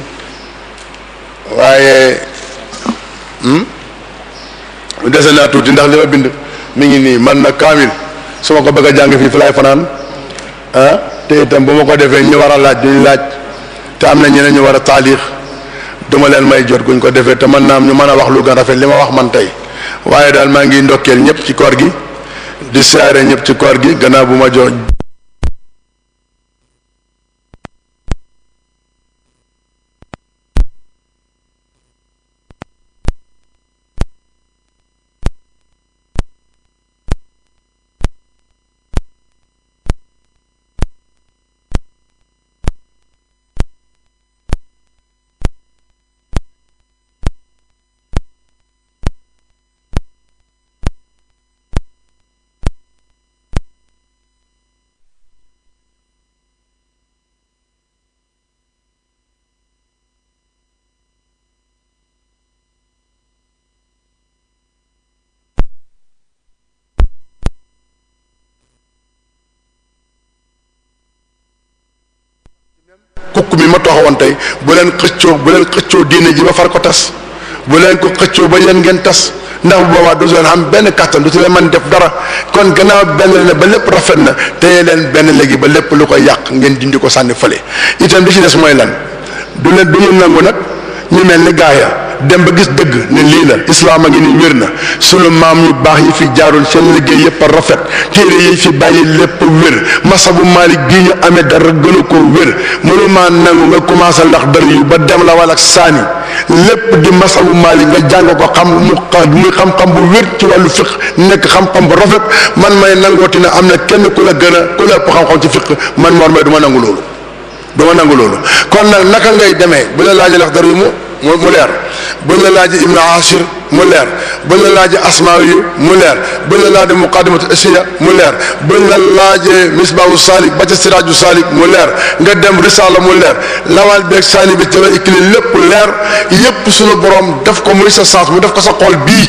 waaye. Hmm? dese naa tuuti ndax li ma bind mi ngi nii man na kaamil su ma ko bëgg a jàng fii fi laay fanaan ah te itam bu ma ko defee ñu war a laaj duñu laaj te am na ñeneen ñu war a taalix duma leen may jot guñ ko defee te mën naa am ñu mën a wax lu gën rafet li ma wax man tey waaye daal maa ngi ndokkeel ñëpp ci koor gi di saare ñëpp ci cor gi gannaaw bu ma jox ma tooxawoon tey bu leen xëccoo bu leen xëccoo diine ji ba far ko tas bu leen ko xëccoo ba leen ngeen tas ndax bu boobaa du si leen am benn kàttan du si leen man def dara kon gannaaw benn la ne ba lépp rafet na téye leen benn léegi ba lépp lu ko yàq ngeen dindi ko sànni fële itam li ci des mooy lan du leen du ñu nangu nag ñu mel ni gaaya dem ba gis dëgg ne lii la islaam a ngi ni wér na sunu maam yu baax yi fi jaarul seen liggéey yëpp a rafet téere yi fi bàyyi lépp wér masabu Maalik gi ñu amee dara gënu ko wér mënuma nangu nga commencé ndax dara yu ba dem la wala saani lépp di masabu Maalik nga jàng ko xam mu muy xam-xam bu wér ci wàllu fiq nekk xam-xam bu rafet man may nangooti na am na kenn ku la gën a ku la ëpp xam-xam ci fiq man Mor Mbaye du ma nangu loolu du ma nangu loolu kon nag naka ngay demee bu la laajee ndax dara yu mu mu mu leer buñ la laajee Ibn Ashir mu leer buñ la laajee Asmaawi mu leer buñ la laajee Muqaddimatu Asiya mu leer buñ la laajee Misbaahu Saalik ba ca Siraaju Saalik mu leer nga dem Risaala mu leer Lawaal beeg sani bi tala ikli lépp leer yépp sunu borom def ko muy sa saas mu def ko sa xool bii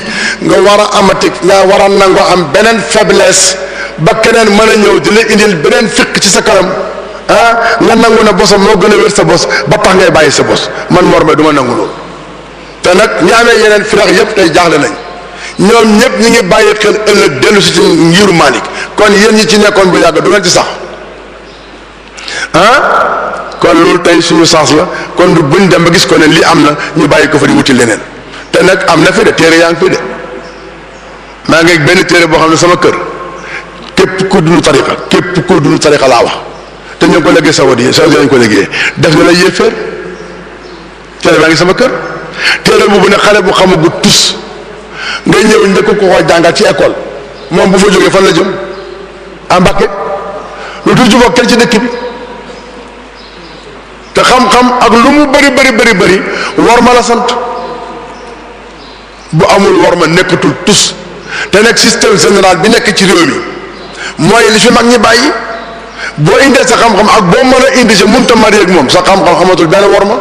nga war a amati nga war a nangoo am beneen faiblesse ba keneen mën a ñëw di la indil beneen fikk ci sa kanam. ah nga nangu ne bosam moo gën a wér sa bos ba tax ngay bàyyi sa bos man Mor Mbaye du ma nangu loolu te nag ñi amee yeneen firax yëpp tey jaaxle nañ ñoom ñëpp ñi ngi bàyyi xel ëllëg dellu si ci ngiru Malick kon yéen ñi ci nekkoon bu yàgg du ngeen ci sax ah kon loolu tey suñu sens la kon buñ dem ba gis ko ne lii am na ñu bàyyi ko fa di wuti leneen te nag am na fi de téere yaa ngi fi de maa ngi benn téere boo xam ne sama kër képp ku dund tariqa képp ku dund tariqa wax. te ñoo ko liggéey saudi saudi lañ ko liggéey def na la yéeféer téere baa ngi sama kër téere bu ne xale bu xamagu tus ngay ñëw njëkk ko ko jàngal ci école moom bu fa jógee fan la jëm à Mbàkke lu dul jubóog kenn ci dëkk bi te xam-xam ak lu mu bari bari bëri bëri war ma la sant bu amul war ma nekkatul tus te nag système général bi nekk ci réew mi mooy li fi mag ñi bàyyi. boo indee sa xam-xam ak boo mën a indi sa mënta marié ak moom sa xam-xam xamatul benn war ma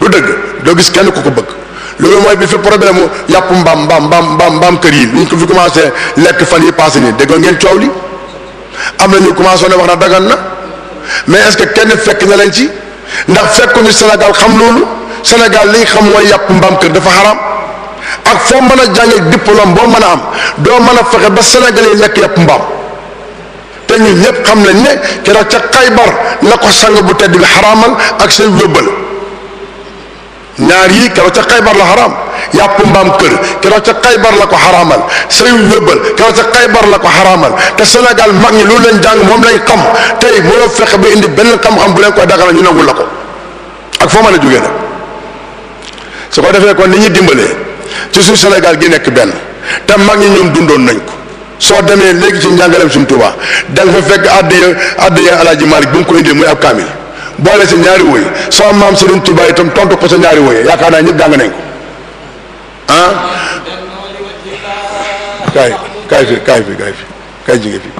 lu dëgg doo gis kenn ku ko bëgg loolu mooy bi fi problème mu yàpp mbaam mbaam mbaam mbaam mbaam kër yi ñu ko fi commencé lekk fan yi passé nii dégg ngeen coow li am na ñu commencé ne wax na dagan na mais est-ce que kenn fekk na leen ci ndax fekkuñu Sénégal xam loolu Sénégal li xam mooy yàpp mbaam kër dafa xaraam ak foo mën a jàngee diplôme boo mën a am doo mën a fexe ba Sénégal yi lekk yàpp mbaam. te ñun ñëpp xam nañ ne keroog ca Xaybar la ko sang bu tedd bi xaraamal ak seen yóbbal ñaar yii keroog ca Xaybar la xaraam yàpp mbaam kër keroog ca Xaybar la ko xaraamal sëyu yóbbal keroog ca Xaybar la ko xaraamal te Sénégal mag ñi loolu lañ jàng moom lañ xam tey moo fexe ba indi benn xam-xam bu leen koy daga ñu nangul la ko ak foo mën a jógee nag su ko defee kon ni ñuy dimbalee ci suuf senegal gi nekk benn te mag ñi ñoom dundoon nañ ko soo demee léegi ci njàngaleem suñ Tuubaa da nga fa fekk addiya addiya alaaji Maalik bu mu ko indee muy ab kaamil boole si ñaari woy soo maam Sëriñ Tuubaa itam tontu ko sa ñaari woy yaakaar naa ñëpp jàng nañ ko ah kaay kaay fi kaay fi kaay fi kaay jige fi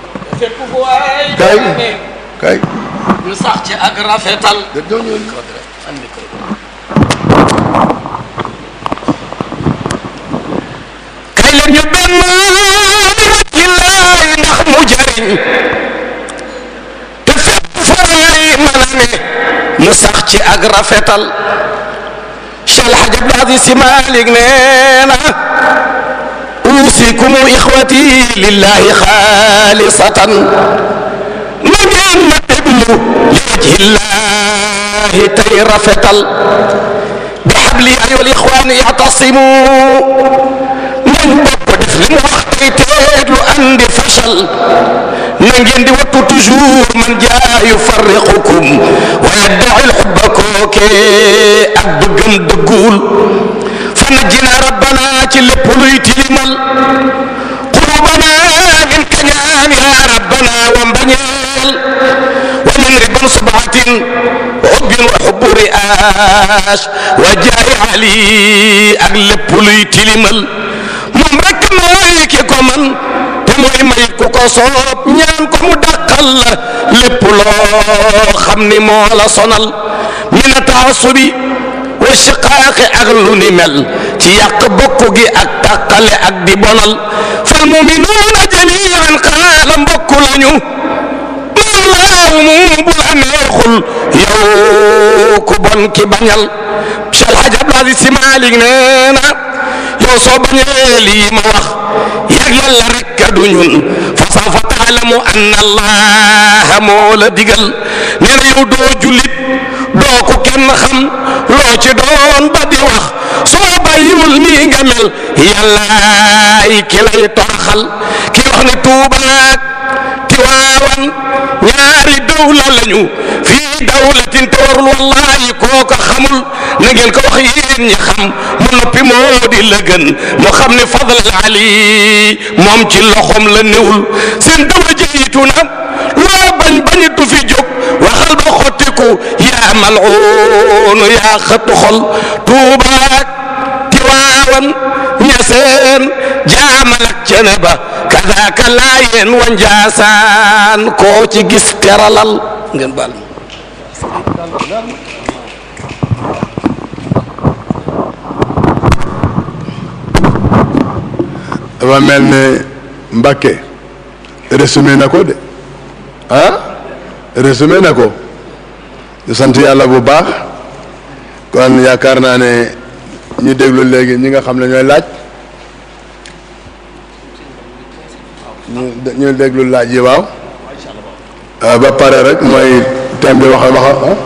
kaay kaay kay leen ñu benn lool ndax mu jariñ te fépp fu lay mën a ne mu sax ci ak rafetal Cheikh Hadj Abdou Aziz Sy Malick nee na uusikum ixwati lillahi xaalisatan ma ngeen ma déglu li wajhi llahi tey rafetal bi xabli ayyuha al ixwaan yatasimu seen bopp def li mu wax tey tey lu andi fashal na ngeen di wattu toujours man jaa yufarriqukum wa yaddaci lxubba kookee ak bëggam dëgguwul fa najjina rabbana ci lépp luy tilimal qulubana min kañaan yaa rabbana wa mbañeel wa min riban subaxatin xubbin wa xubbu riaas wa jaay ali ak lépp luy tilimal man te mooy may ku ko soob ñaan ko mu dàqal la lépp loo xam ni moo la sonal mina taasubi wa shiqaaqi ak lu ni mel ci yàq bokk gi ak tàqale ak di bonal fal muminuuna jamiian xaala mbokk lañu mu bu la neexul yow ku bon ki bañal Cheikh Hadj Abdou Aziz Sy Malick nee na yow soo bañee lii ma wax yàgg yàlla rek a du ñun fa sawfa taalamu anna allaha moo digal nee na yow doo jullit kenn xam loo ci doon ba di wax soo bàyyiwul nii nga mel yàllaay ki lay toroxal ki wax ne tuubaak tiwaawan ñaari dëw la lañu fi dawlatin te warul kooka xamul na ngeen ko wax yéen xam mu noppi moo di la gën mu xam ne fadlal ali moom ci loxoom la newul dawa jayitu na loo bañ bañitu fi jóg waxal ba xottiku yaa mal'uun yaa xëttu xol tuubaak tiwaawan ñaseen jaamal ak cene ba kadaaka laayeen wa njaasaan koo ci gis teralal ngeen baal dafa mel ni Mbàkke resume na ko de ah resume na ko ñu sant yàlla bu baax kon yaakaar naa ne ñu déglu léegi ñi nga xam ne ñooy laaj ñu déglu laaj yi waaw ah, ba pare rek mooy tem bi wax waxa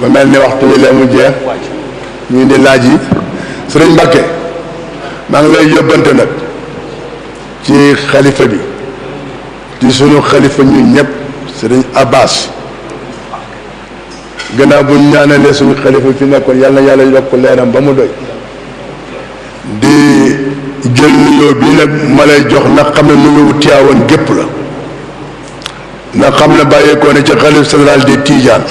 ba mel ni waxtu bi lee mu jeex ñu di laaj yi sëriñ Mbàkke maa ngi lay yóbbante nag ci xalifa bi ci sunu xalifa ñu ñëpp sëriñ Abbas gannaaw bu ñaanalee suñu xalifa fi nekkoon yàlla na yàlla yokk leeram ba mu doy jël nuyoo bii nag ma lay jox na xam ne nuyoo Tiwaawan gépp la na xam ne bàyyeekoo ne ci xalif général de Tidiane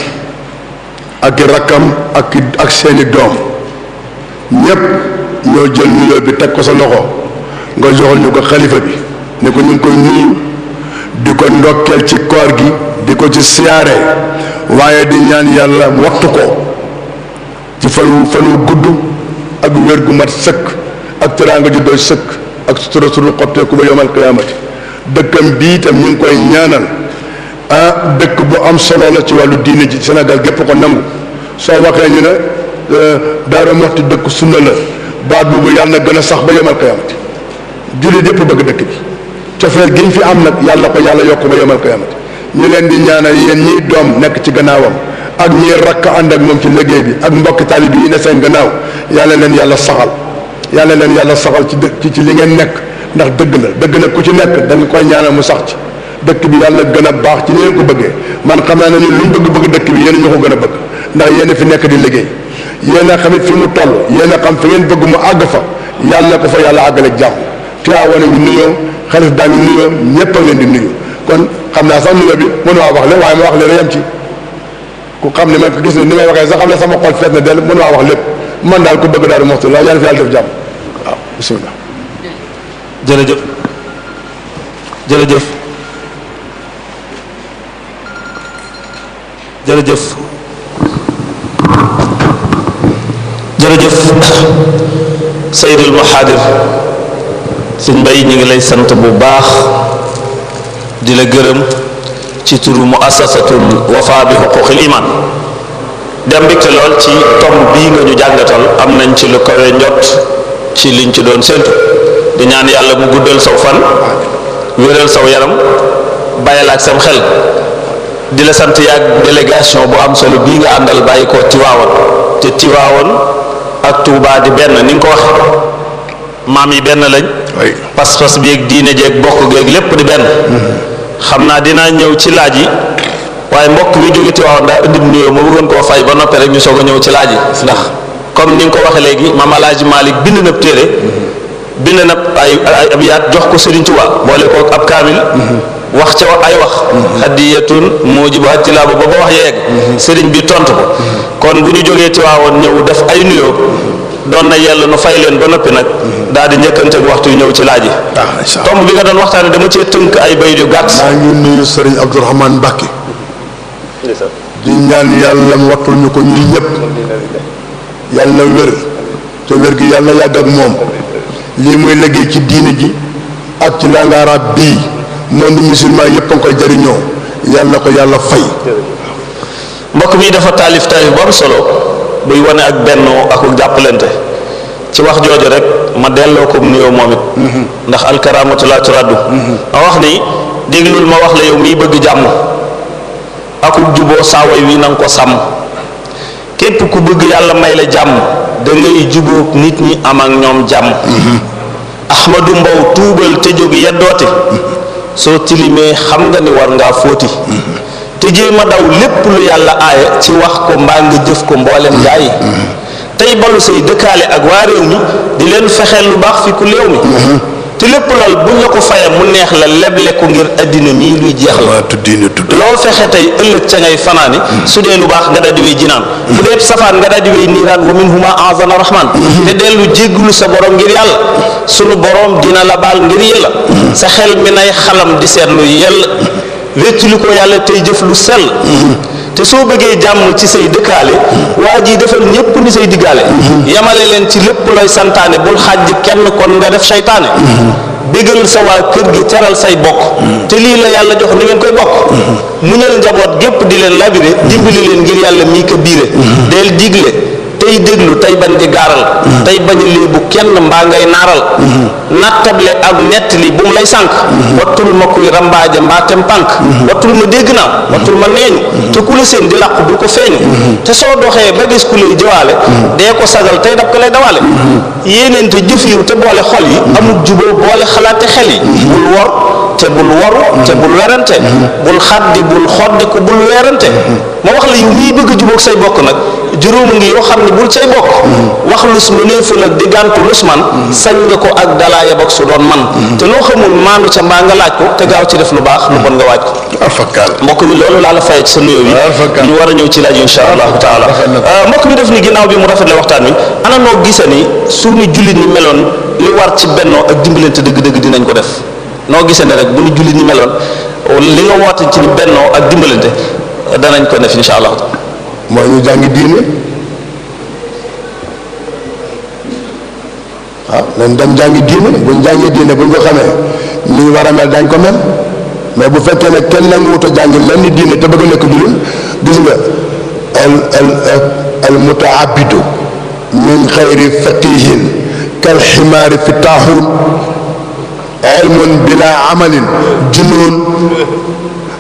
ak i rakkam ak ak seeni doom ñépp ñoo jël nuyoo bi teg ko sa loxo nga joxal ñu ko xalifa bi ne ko ñu ngi koy di ko ndokkeel ci koor gi di ko ci siyaare waaye di ñaan yàlla wattu ko ci fanu fanu gudd ak wér gu mat sëkk ak teraanga ju doy sëkk ak sutura sunu xotteeku ba yomal qiyaamati dëkkam bii itam ñu ngi koy ñaanal ah dëkk bu am solo la ci wàllu diine ji Sénégal gépp ko nangu soo waxee ñu ne euh, Daaru Muxti dëkk sunna la baat bu yàlla na gën a sax ba yomal qiyaamati jullit yëpp bëgg dëkk bi cofeel gi ñu fi am nag yàlla ko yàlla yokk ba yomal qiyaamati ñu leen di ñaanal yenn ñiy doom nekk ci gannaawam ak ñiy rakk ànd ak moom ci liggéey bi ak mbokki taalibe yi ne seen gannaaw yàlla leen yàlla saxal yàlla leen yàlla saxal ci dëkk ci li ngeen nekk ndax dëgg la dëgg la ku ci nekk dañ koy ñaanal mu sax ci dëkk bi yàlla gën a baax ci ni ngeen ko man xam naa ne ñun bëgg bëgg dëkk bi yéen ñoo ko gën a bëgg ndax yéen fi nekk di liggéey yéen a xamit fi mu toll yéen a xam fi ngeen bëgg mu àgg fa yàlla ko fa yàlla àggale jàmm tiwaawane ngi nuyoo xalif baa ngi a leen di nuyu kon xam naa sax nuyoo bi mënu waa wax lépp waaye ma wax leen yem ci ku xam ne man ko gis ne ni waxee sa xam ne sama na dell mënu wax lépp man daal ko bëgg daal moxtu la yàlla bisimilah. jërëjëf jërëjëf jërëjëf jërëjëf Seydil Mahaadir suñ mbay ñu ngi lay sant bu baax di la gërëm ci turu mu asasatul wafa bi xuquqil iman dem mbégte lool ci tomb bii nga ñu jàngatal am nañ ci lu kawe njot ci liñ ci doon séntu di ñaan yàlla mu guddal saw fan wéral saw yaram bàyyil ak sam xel di la sant ak délégation bu am solo bii nga àndal bàyyi ko Tiwaawan te Tiwaawan ak tuubaa di benn ni nga ko wax maam yi benn lañ pas-pas bi ak diine jeeg bokk géeg lépp di benn mm-hmm. xam naa dinaa ñëw ci laaj yi waaye mbokk bi jóge Tiwaawan daa indi nuyoo ma bëggoon koo fay ba noppee rek ñu soo a ñëw ci laaj yi ndax comme ni nga ko waxee léegi maam Alaaji Malik bind na téere bind na ay ay abiyaat jox ko Sëriñ Tuubaa boole ko ab kaamil wax ca ay wax xadiyatun mujibu tilaaba ba ba wax yeeg sëriñ bi tontu ko kon bu ñu jógee Tiwaawoon ñëw def ay nuyoo na yell nu fay leen ba noppi nag daal di njëkkante ak waxtu yu ñëw ci laaj yi ah, tomb bi nga doon waxtaan waxtaane dama cee tënk ay bay yu gàtt maa ngi nuyu sëriñ Abdourahmane Mbàkke di ñaan yàlla mu ñu ko ñun ñëpp yàlla wér te wér gi yàlla yàgg ak moom lii muy liggéey ci diini ji ak ci langue arabe bii monde musulman yëpp a ngi koy jëriñoo yàlla ko yàlla fay. mbokk mi dafa taalif taalif bu am solo buy wane ak bennoo ak jàppalante ci wax jooju rek ma delloo ko nuyoo moom it. Mhm. ndax alkaraamatu laa mhm. ma wax ni déglul ma wax la yow miy bëgg jàmm akub juboo saaway wi na ko sàmm. képp ku bëgg yàlla may la jàmm da ngay nit ñi am ak ñoom jàmm mm-hmm. ahmadu mbaw tuubal te jóg yeddoote mm-hmm. soo tilimee xam nga ni war ngaa fóoti mm-hmm. te jéem a daw lépp lu yàlla aaye ci wax ko mbaa nga jëf ko mboolem gaa tey balu say dëkkaale ak waa réew di leen fexeel lu baax fi ku léew mi ci lépp lool bu ñu la ko fayee mu neex la leble ko ngir addina mii luy jeex la loo fexe tey ëllëg ca ngay fanaani mm. su dee lu baax nga daal di wéy jinaan mm. bu dee safaan nga daal di wéy niiraan wa minhuma azana rahman mm. te dellu jéggulu sa borom ngir yàlla sunu borom dina la baal ngir yàlla sa xel mi nay xalam di seetlu yàlla wécculi ko yàlla tey jëf lu sell te soo bëggee jàmm ci say dëkkaale waa ji defal ñépp ni say diggaale yamale leen ci lépp looy santaane bul xaj kenn kon nga def seytaane bégal sa kër gi teral say bokk te lii la yàlla jox ni ngeen koy bokk muñal njaboot gépp di leen labiré dimbali leen ngir yàlla mii ko del digle ngay déglu tey bañ di gaaral tey bañ lii bu kenn mbaa ngay naaral nattable ak nett li bu mu lay sànq wattul ma kuy rambaaje mbaa tem pànk wattul ma dégg naa wattul ma neeñu te ku la seen di làqu bul ko feeñu te soo doxee ba gis ku lay jëwaale dee ko sagal tey daf ko lay dawaale yéeneente jëf yiw te boole xol yi amul juboo boole xalaate xel yi bul wor te bul waru te bul werante bul xaddi bul xoddi ko bul werante ma wax la yow mii bëgg a jubóog say bokk na juróom ngi yoo xam ne bul cay bokk wax lus lu néefu nag di gàntu lus man sañ nga ko ak dalaa yabak su doon man te loo xamul maandu ca mbaa nga laaj ko te gaaw ci def lu baax lu bon nga waaj ko afakal mbokk bi loolu laa a ñëw ci laaj insha allahu taala euh, def ni ginnaaw bi mu rafet la waxtaan wi ana noo gisee ni suñu jullit ñi meloon li war ci bennoo ak dimbalante dëgg-dëgg dinañ ko def noo gisee ne rek bu ñu jullit ñi meloon li nga woote ci bennoo ak dimbalante danañ ko def insha allahu taala mooy ñu jàngi diine waaw ah, nañ dem jàngi diine buñ jàngi diine buñ ko ni ñu war a mel dañ ko bu fekkee ne kenn nanguwut a jàng lenn diine te al al al mutaabidu min xayri faqihin kal ximaari fi bila amalin junoon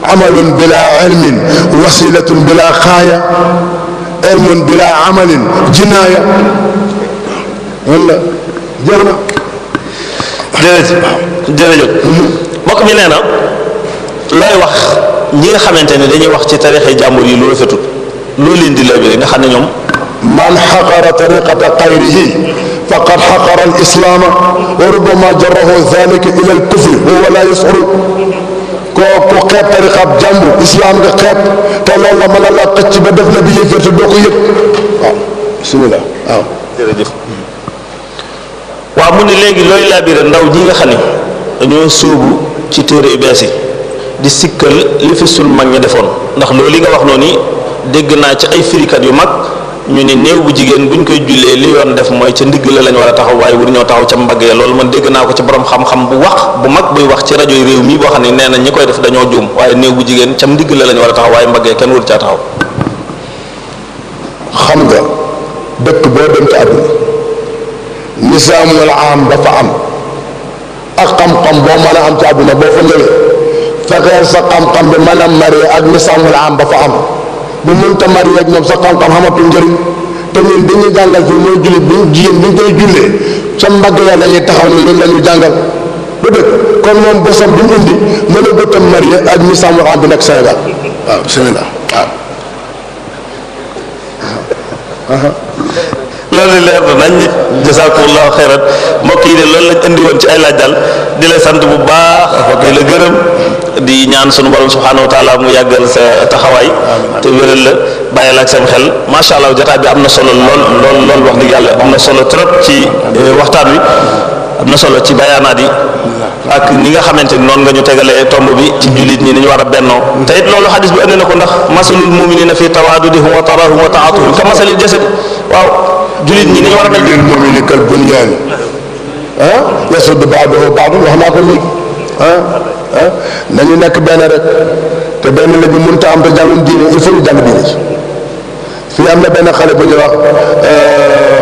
amalun bila ilmin wasilatun bila xaaya ilmun bila amalin jinaaya wala jër na jërëjëf jërëjëf mbokk mi nee na looy wax ñi nga xamante ne dañuy wax ci tarixe jàmbur yi lu rafetul loo leen di lëbëre nga xam ne ñoom man xaqara tariqata xayrihi faqad xaqara al islaama wa rubama jarahu dalika ila al kufri wa la yusru doo ko xeeb tariqab nga te loolu la mën a la xëcc ba def la bi yëkkati doo ko yëg waaw ah, bisimilah waaw jërëjëf mu ni léegi looy laabire ndaw ñi nga xam ne dañoo sóobu ci téere yu bees yi di sikkal li fi sul mag ña defoon ndax loolu li nga wax noonu dégg naa ci ay firikat yu mag ñu ni néew bu jigéen bu buñ koy jullee li yoon def mooy ca ndigg la lañu war a taxaw waaye wur ñoo taxaw ca mbagg loolu man dégg naa ko ci borom xam-xam bu wax bu mag buy wax ci rajoy réew mi boo xam ne nee na ñu koy def dañoo juum waaye néew bu jigéen ca ndigg la lañ war a taxaw waaye mbagg ya kenn wur caa taxaw. xam nga dëkk boo dem ci àdduna nisaamul am dafa am ak xam-xam boo mën a am ci àdduna boo fa ñëwee fexeel sa xam-xam bi mën a maree ak am. ba mënta mari ak ñoom sa xam-xam xamatul njëriñ te ñun bi ñuy jàngal fii mooy jullit bu jigéen bi ñu koy jullee sa mbagg yaa lañuy taxaw ne loolu la ñu jàngal du dëkk kon moom bésam bi mu indi mën a bëtam marié ak mi sàmm xam bi nag Sénégal waaw Sénégal waaw loolu loolu lañ indi woon ci ay laaj daal di la sant bu baax ah, di la gërëm di ñaan sunu borom subhanahu wa mu yàggal sa taxawaay te wéral la bàyyi la ak seen xel macha allah jotaay bi am na solo lool lool lool wax dëgg yàlla am na solo trop ci eh, waxtaan wi am na solo ci bayaanaat yi ak ni nga xamante ni noonu nga ñu tegalee tomb bi ci jullit ñi dañu war a bennoo te it loolu xadis bi indi na ko ndax masalul muminina fi tawaadudihum wa tarahum wa taatuhum ka masalil jasad waaw jullit ñi dañu war a mel mumini kal bunyaani ah yasuddu baaduhu baadan wax ah nañu nekk benn rek te benn la bi mënut a am te jàngum diine il faut ñu jàng diine fii am na benn xale bu ñuy wax eh,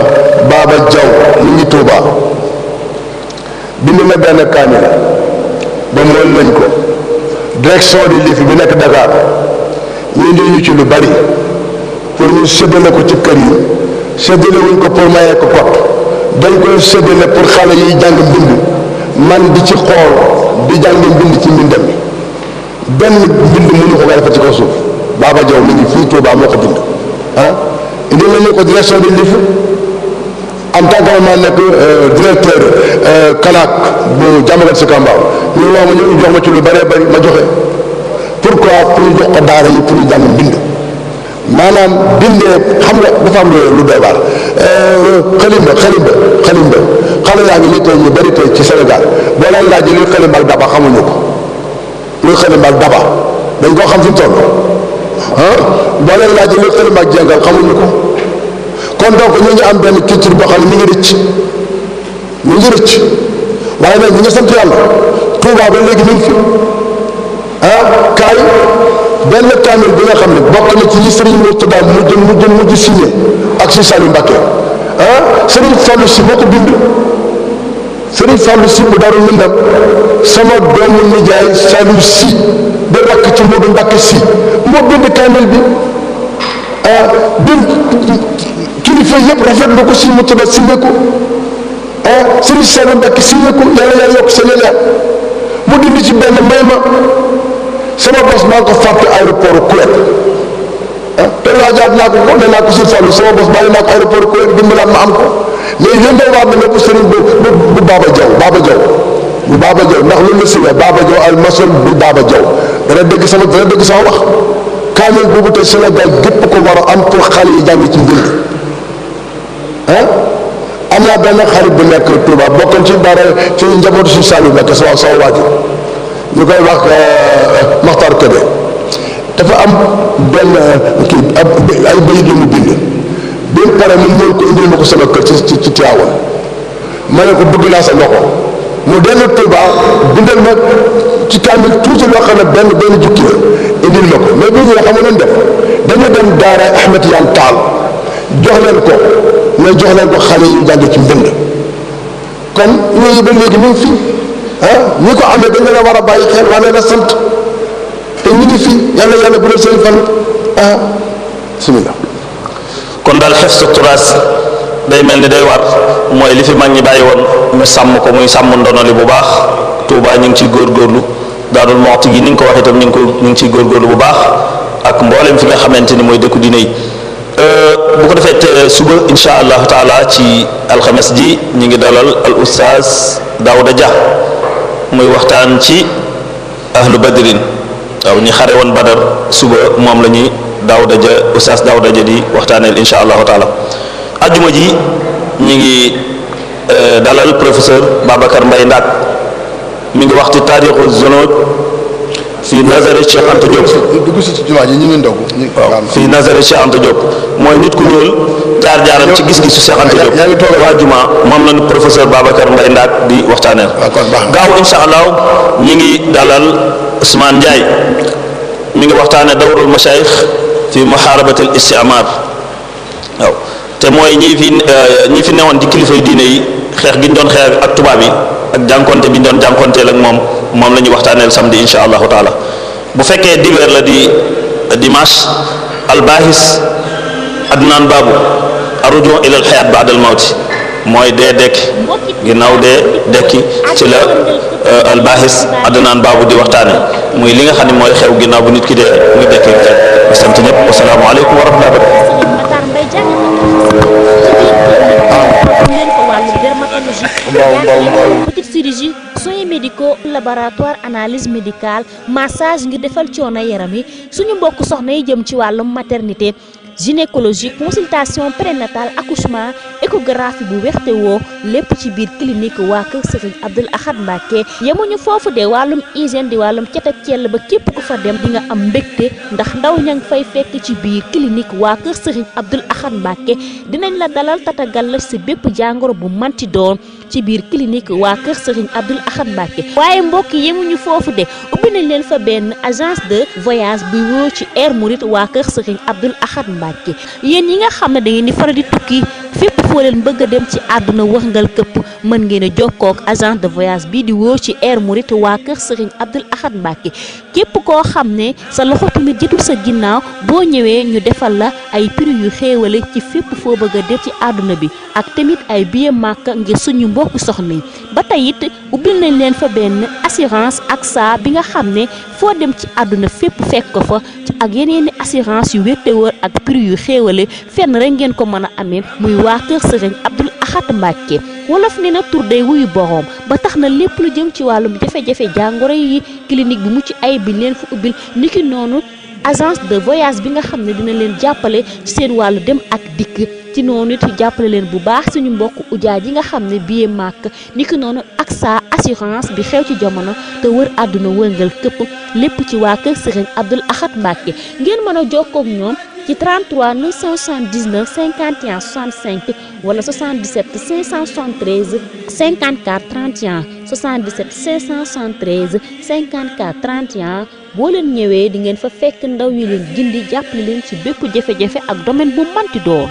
Baba Diaw mu ngi Touba benn kaamil ba mool nañ bi nekk Dakar ñu indi ñu ci lu bari pour ñu séddale ko ci kër yi séddale wuñ ko pour mayee ko kot dañ koy séddale pour xale yi jàng mbind man di ci xool di jàng mbind ci mbindam benn mbind mënu ko defal ci kaw suuf Baba Diaw mi ngi fii Touba moo ko bind ah indi na ko direction de l'IF en tant que ma nekk euh, directeur euh, Kanak bu jàmmagat si Kambaaw ñu wax jox ma ci lu bëree bëri ma joxe pourquoi pour ñu jox ko daara yi pour ñu jàng bind maanaam bindee xam nga dafa am lu doy waar euh, xalimba xalimba xale yaa ngi nii tey ñu ci Sénégal boo leen laajee luy xëli mbal daba xamuñu ko luy xëli mbal daba dañ koo xam fi mu toll ah boo leen laajee luy xëli mbal jàngal xamuñu ko kon donc ñu am benn culture boo xam ne ñu ngi rëcc ñu ngi waaye nag ñu ngi sant yàlla Touba ba léegi ñu ngi fi ah kaay benn kaamil bi nga xam ne bokk na ci li sëriñ Mourtada mujj ak si Saliou Mbacké ah sëriñ Fallou si moo sëriñ Fallou si bu daru mindam sama doomu nijaay Saliou si da rakk ci Modou Mbacké si moo bind kaamil bi ah, bind kilifa yëpp rafet na ko si mu tudd si sëriñ Saliou Mbacké si ne ko yàlla yàlla mu dindi ci benn may ma sama bos maa ngi ko fàtte aéroport Kuwait ah te laajaat naa naa ko sur Fallou sama bos naa ko aéroport ko dimbalaat ma am ko mais yëngal waat na nga ko sëriñ bu bu si la Baba Diaw al maçon bu Baba Diaw dana dégg sama dana dégg sama wax kaamil boobu te Sénégal gépp ko war a am pour xale yi jàng ci mbind ah am naa benn xarit bu nekk Touba bokkoon ci dara ci njabootu si Saliou Mbacké sama sama waajur ñu koy wax euh, dafa am benn kii ay bayit la mu bind bi mu pare mun ko indil ma ko ci ci Tiwaawan ma ne ko bëgg naa sa loxo mu dellu Tuuba bindal ma ci kaamil tuuti loo xam benn benn jukki la indil ma ko mais bii la xam nga def dañu dem daara Ahmed Yan Taal jox leen ko mais jox leen ko xale yu jàng ci mbind kon yooyu ba léegi mu fi ah ñi ko amee dañu la war a bàyyi xel wane la te ñu ngi fi yàlla yàlla bu doon seen fan ah, kon daal xef sa turaas day mel ni day war mooy li fi mag ñi bàyyi woon ñu sàmm ko muy sàmm ndono bu baax Tuubaa ñu ngi ciy góorgóorlu Daarul Muxti gi ni nga ko waxee itam ñu ngi ko ñu ngi ciy góorgóorlu bu baax ak mboolem fi nga xamante ni mooy dëkku diine yi euh, bu ko defee suba insha allahu taala ci alxames ji ñu ngi dalal al ustaaz Daouda Dia muy waxtaan ci ahlu badrin waaw ñi xare woon badar suba moom la ñuy daaw daja oustaz daaw daja di waxtaaneel insha allahu taala ajuma ji ñi ngi euh, dalal professeur Babacar Mbaye ndaat mi ngi wax ci taarixu zonoj fii Nazare Cheikh Anta Diop dugg si ci jumaa ñu ngi ndogu waaw fii Nazare Cheikh Anta Diop mooy nit ku ñuul jaar ci gis-gisu Cheikh Anta Diop waa jumaa moom lañu professeur Babacar Mbaye Ndaak di waxtaaneel gaaw insha allah ñi ngi dalal Ousmane Ndiaye mu ngi waxtaane dawrul mashayikh fi muharabatil istimar waaw te mooy ñi fi euh, ñi fi newoon di kilifa diine yi xeex gi ñu doon xeex ak tubaab yi ak jànkonte bi ñu doon jànkonteel ak moom moom la ñuy waxtaaneel samedi insha allahu taala bu fekkee diweer la di dimanche albahis adnan babu arrujon ila al hayat ba'da mooy dee dekki ginnaaw dee dekki ci la euh, albahis Adnan Babou di waxtaane muy li nga xam ne mooy xew ginnaaw bu nit ki dee muy dekki bi di sant ñëpp wasalaamaaleykum wa rahmatulah. petite chirurgie soins médicaux laboratoire analyse médicale massage ngir defal coono yaram yi suñu mbokk soxna yi jëm ci wàllum maternité. gynécologie consultation prénatale accouchement échographie bu weex te woo lépp ci biir clinique waa kër Serigne Abdoul Ahad Mbacké yemuñu foofu de wàllum hygiène di wàllum cet ak cell ba képp ku fa dem di nga am mbégte ndax ndaw ña ngi fay fekk ci biir clinique waa kër Serigne Abdoul Ahad Mbacké dinañ la dalal tatagal la si bépp jàngoro bu manti doon ci biir clinique waa kër Serigne Abdoul Ahad Mbacké waaye mbokk yemuñu foofu de ubbi nañ leen fa benn agence de voyage bu wóor ci Air Mouride waa kër Serigne Abdoul Ahad Mbacké yéen yi nga xam ne da ngeen di faral di tukki fépp foo leen bëgg a dem ci àdduna wërngal këpp mën ngeen jokkook agent de voyage bii di wóor ci Air Mouride waa kër Serigne Abdoul Ahad Mbacké képp koo xam ne sa loxo tamit jotul sa ginnaaw boo ñëwee ñu defal la ay prix yu xéewale ci fépp foo bëgg a dem ci àdduna bi ak tamit ay billet Makka ngir suñu mbokk soxna yi ba tey it ubbil nañ leen fa benn assurance ak saa bi nga xam ne foo dem ci àdduna fépp fekk ko fa ak yeneen assurance yu wéttewër ak prix yu xéewale fenn rek ngeen ko mën a amee kër sëriñ Abdul Ahad Mbàkke wolof ne na tur day wuyu boroom ba tax na lépp lu jëm ci wàllum jafe-jafe jàngoro yi clinique bi mucc ay bi leen fu ubbil niki noonu agence de voyage bi nga xam ne dina leen jàppale ci seen wàllu dem ak dikk ci noonu it jàppale leen bu baax suñu mbokk ujaa ji nga xam ne billet màkk niki noonu ak sa assurance bi xew ci jamono te wër àdduna wërngal këpp lépp ci waa kër sëriñ Abdul Ahad Mbàkke ngeen mën a jokkoog ñoom ci 33 979 51 65 wala 77 573 54 31 77 573 54 31 boo leen ñëwee di ngeen fa fekk ndaw yi leen gindi jàppale leen ci bépp jafe-jafe ak domaine bu manti doon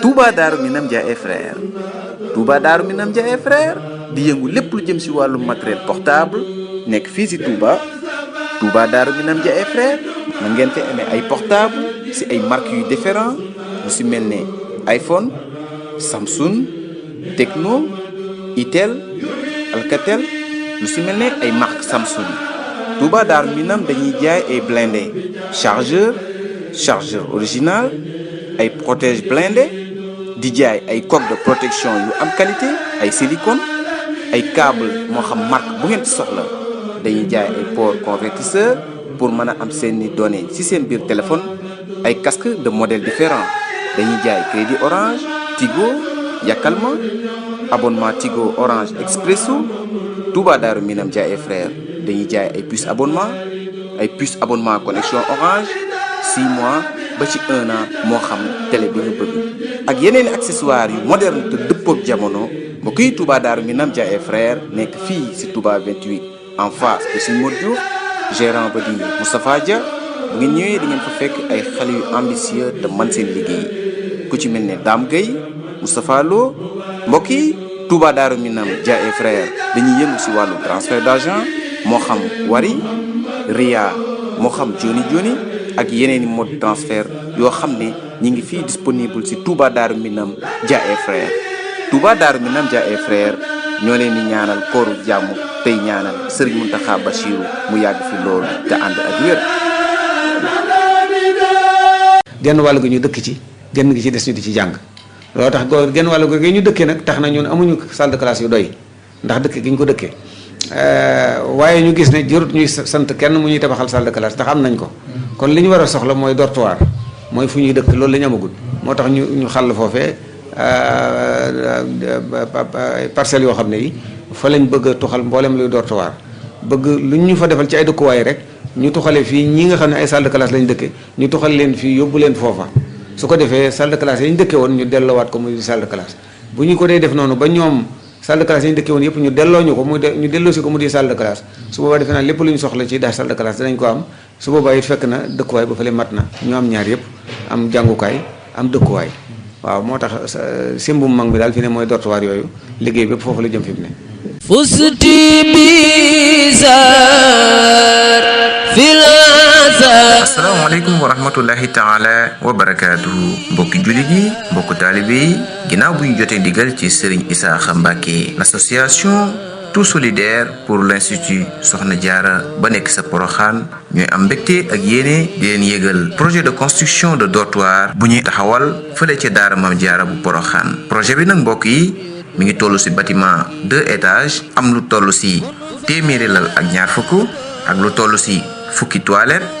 Touba Darou Minam Dia et frères Touba Darou Minam Dia et frères di yëngu lépp lu jëm ci wàllu matériel portable nekk fii si Touba Touba Darou Minam Dia ay frères mën ngeen fi amee ay portable ci ay marques yu différent lu si mel ne iPhone Samsung Tecno Itel Alcatel lu si mel ne ay marques Samsung Touba Darou Minam dañuy jaay ay blindé chargeur chargeur original ay protège blindé di jaay ay coque de protection yu am qualité ay silicone ay câble moo xam marque bu ngeen ci soxla dañuy jaay ay port convertisseur pour mën a am seeni données si seen biir téléphone ay casque de modèles différents dañuy jaay crédit orange Tigo ma abonnement Tigo orange expresso Touba Daaru Minam Ndiaye frère dañuy jaay ay puce abonnement ay puce abonnement connexion orange 6 mois ba ci un moo xam télé bi ñu bëgg ak yeneen accessoires yu moderne te dëppook jamono mbokk yi Touba Darou Minam Dia et frère nekk fii si Touba 28 en face de suñu Modou Diouf gérant ba di Moustapha Dia bu ngeen ñëwee di fa fekk ay xale yu ambitieux te man seen liggéey ku ci mel ne Dame Gueye Moustapha Lo mbokk yi Touba Darou Minam Dia et frère dañuy yëngu si wàllu transfert d'argent moo xam Wari Ria moo xam Joni Joni ak yeneen i mode yoo xam ne ñi ngi fi disponible si Touba Darou Minam Dia et Frères Touba Darou Minam Dia et ñoo leen di ñaanal kooru jàmm tey ñaanal sëriñ Serigne Mountakha Bachirou mu yàgg fi loolu te ànd ak wér. genn wàll gi ñu dëkk ci genn gi ci des ñu di ci jàng loo tax goo genn wàll gi ñu dëkkee nag tax na ñun amuñu salle de classe yu doy ndax dëkk gi ñu ko dëkkee. Euh, waaye ñu gis ne jërut ñuy sant kenn mu ñuy tabaxal salle de classe ndax am nañ ko kon li ñu war a soxla mooy dortoir mooy fu ñuy dëkk loolu la ñu moo tax ñu ñu xàll foofee euh, euh, parcelles yoo xam ne yi fa lañ bëgg a tuxal mboolem luy dortoir bëgg lu ñu fa defal ci ay dëkkuwaay rek ñu tuxale fii ñi nga xam ne ay salle de lañ dëkke ñu tuxal leen fii yóbbu leen foofa su ko defee salle de classe yi ñu dëkke woon ñu dellowaat ko muy salle de bu ñu ko dee def noonu ba ñoom salle de classe yi ñu dëkkee woon yëpp ñu delloo ñu ko mu ñu delloo si ko mu di salle de classe su boobaa defe naa lépp lu ñu soxla ci daal salle de danañ ko am su boobaa it fekk na dëkkuwaay ba fële mat na ñu am ñaar yëpp am jàngukaay am dëkkuwaay waaw moo tax simbum mag mi daal fi ne mooy dortoir yooyu liggéey bépp foofu la jëm fi ne fusti bi asalaamaaleykum wa rahmatullahi taala wa barakaatuhu mbokki jullit yi mbokk taalibe ginnaaw bu ñu jotee digal ci Serigne Isaaxa Mbàkke l'association tout solidaire pour l'institut Soxna Jaara ba nekk sa poroxaan ñooy am mbégte ak yéene di leen yégal projet de construction de dortoir bu ñuy taxawal fële ca daara Maam Jaara bu poroxaan projet bi nag mbokk yi mi ngi toll ci bâtiment deux étages am lu toll ci téeméeri lal ak ñaar fukk ak lu toll ci fukki toilette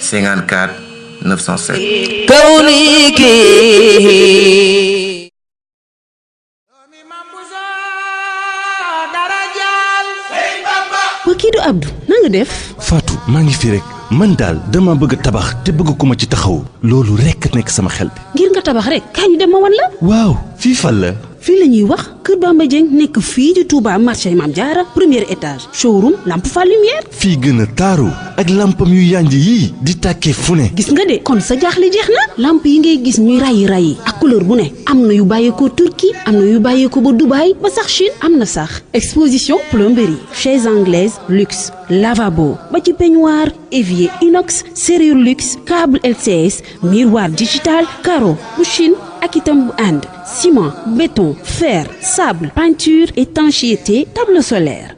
54 907 kawniki waa kii def Fatou maa ngi fi rek man daal dama bëgg tabax te bëgg ku ma ci taxaw loolu rekk nekk sama xel bi ngir nga tabax rek kaa dem ma wan la waaw fii fan la fii la ñuy wax Kër Bamba Dieng nekk fii di Touba marché Mame Diarra première étage showroom lamp fa lumière. fii gën a taaru ak lampam yu yànj yii di tàkkee fu ne. gis nga de kon sa jaaxle jeex na lamp yi ngay gis ñuy rayi rayi ak couleur bu ne am na yu bàyyeekoo turki am na yu ko ba Dubaï ba sax Chine am na sax exposition plomberie chaise anglaise luxe. lavabo ba ci peignoir évier inox serrure luxe câble LCS miroir digital carreau bu Chine ak itam bu ànd ciment béton fer sable peinture étanchéité table solaire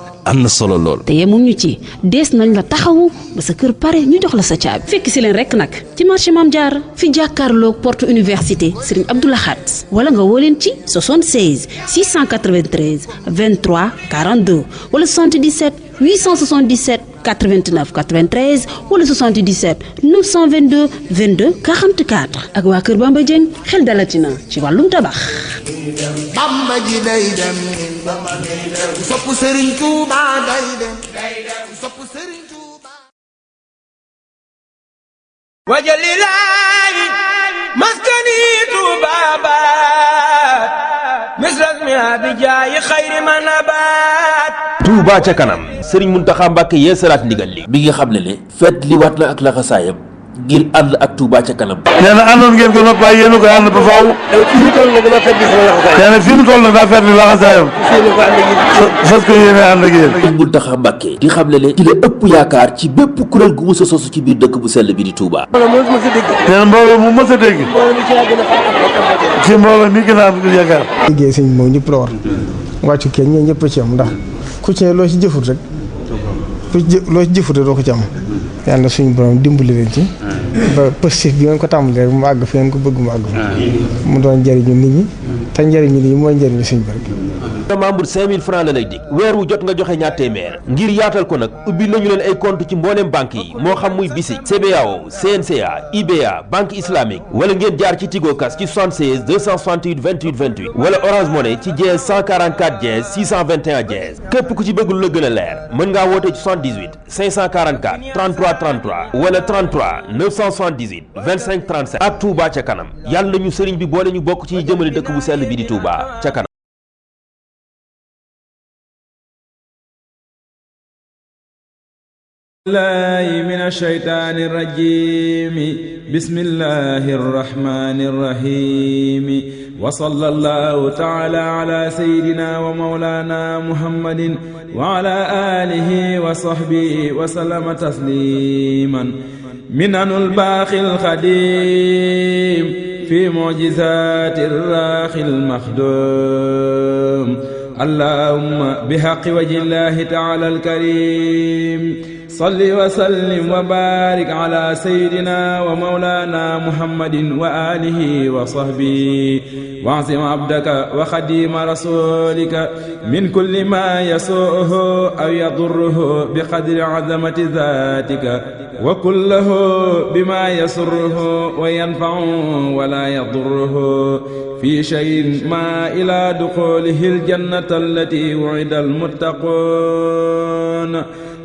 am na solo lool. te yemum ñu ci dees nañ la taxawu ba sa kër pare ñu jox la sa caabi. fekk si leen rek nag ci marché Mame Diarra fi jàkkaarloog porte université Serigne Abdou Lahad wala nga woo ci 76 89 93 wala 77 922 22 44 ak waa Kër Bamba Dieng xel dalatina ci wàllum tabax. Bamba ji day dem sopp Serigne Touba day dem sopp Serigne Touba. wajalilaay maskani Touba ba. Touba ca kanam Serigne Mountakha Mbacké yee salaat ndigal li bi nga xam ne ne feet liwaat na ak laxasaayam ngir ànd ak Touba ca kanam. nee na àndoon ngeen ko noppi waaye a koy ànd ba faaw. fii mu toll nag daa fekk sama laxasaayam. nee na fii mu toll nag fas ko yéene ànd ak yéen. Sëriñ Muntaxa Mbàkke di xam ne ne ci la ëpp yaakaar ci bépp kuréel gu mës a sosu ci biir dëkk bu sell bi di Touba. nee na mbooloo mu mës dégg. ci mbooloo mi gën a am yaakaar. liggéey sëñ moom ñëpp la war kenn ñoo ñëpp ci am ndax ku ci loo ci jëfut rek loo ci jëfut rek doo ko ci am yàlla suñu borom dimbali leen ci. Hmm. ba positif bi ngeen ko tàmbalee rek mu àgg fi ngeen ko bëgg mu àgg. Hmm. mu doon njëriñu nit ñi. Hmm. te njëriñu nit ñi mooy njëriñu suñu borom. sa membre la lay dig weer wu jot nga joxe ñaar téeméer ngir yaatal ko nag ubbi nañu leen ay compte ci mbooleem banque yi moo xam muy BICIS CBAO CNCA IBA banque islamique wala ngeen jaar ci Tigo Cash ci wala Orange Money ci dièse képp ku ci bëgg lu la gën a leer mën ngaa woote ci 78 544 33 33 wala 33 978 25 37 ak Touba ca kanam yàlla ñu sëriñ bi boole ñu bokk ci jëmale dëkk bu sell bi di Touba ca kanam الله من الشيطان الرجيم بسم الله الرحمن الرحيم وصلى الله تعالى على سيدنا ومولانا محمد وعلى آله وصحبه وسلم تسليما منن الباقي القديم في معجزات الراخي المخدوم اللهم بحق وجه الله تعالى الكريم salli wa sallim wa baarik ala sayyidina wa mawlana muhammadin wa alihi wa sahbihi wa'sim abdaka wa xadima rasulika min kulli ma yasuuhu aw yadurruhu bi qadri azamati zaatika wa kullahu bima yasurruhu wa yanfa'u wa la yadurruhu fi shay'in ma ila duxulihil jannata allati wu'idal muttaqoon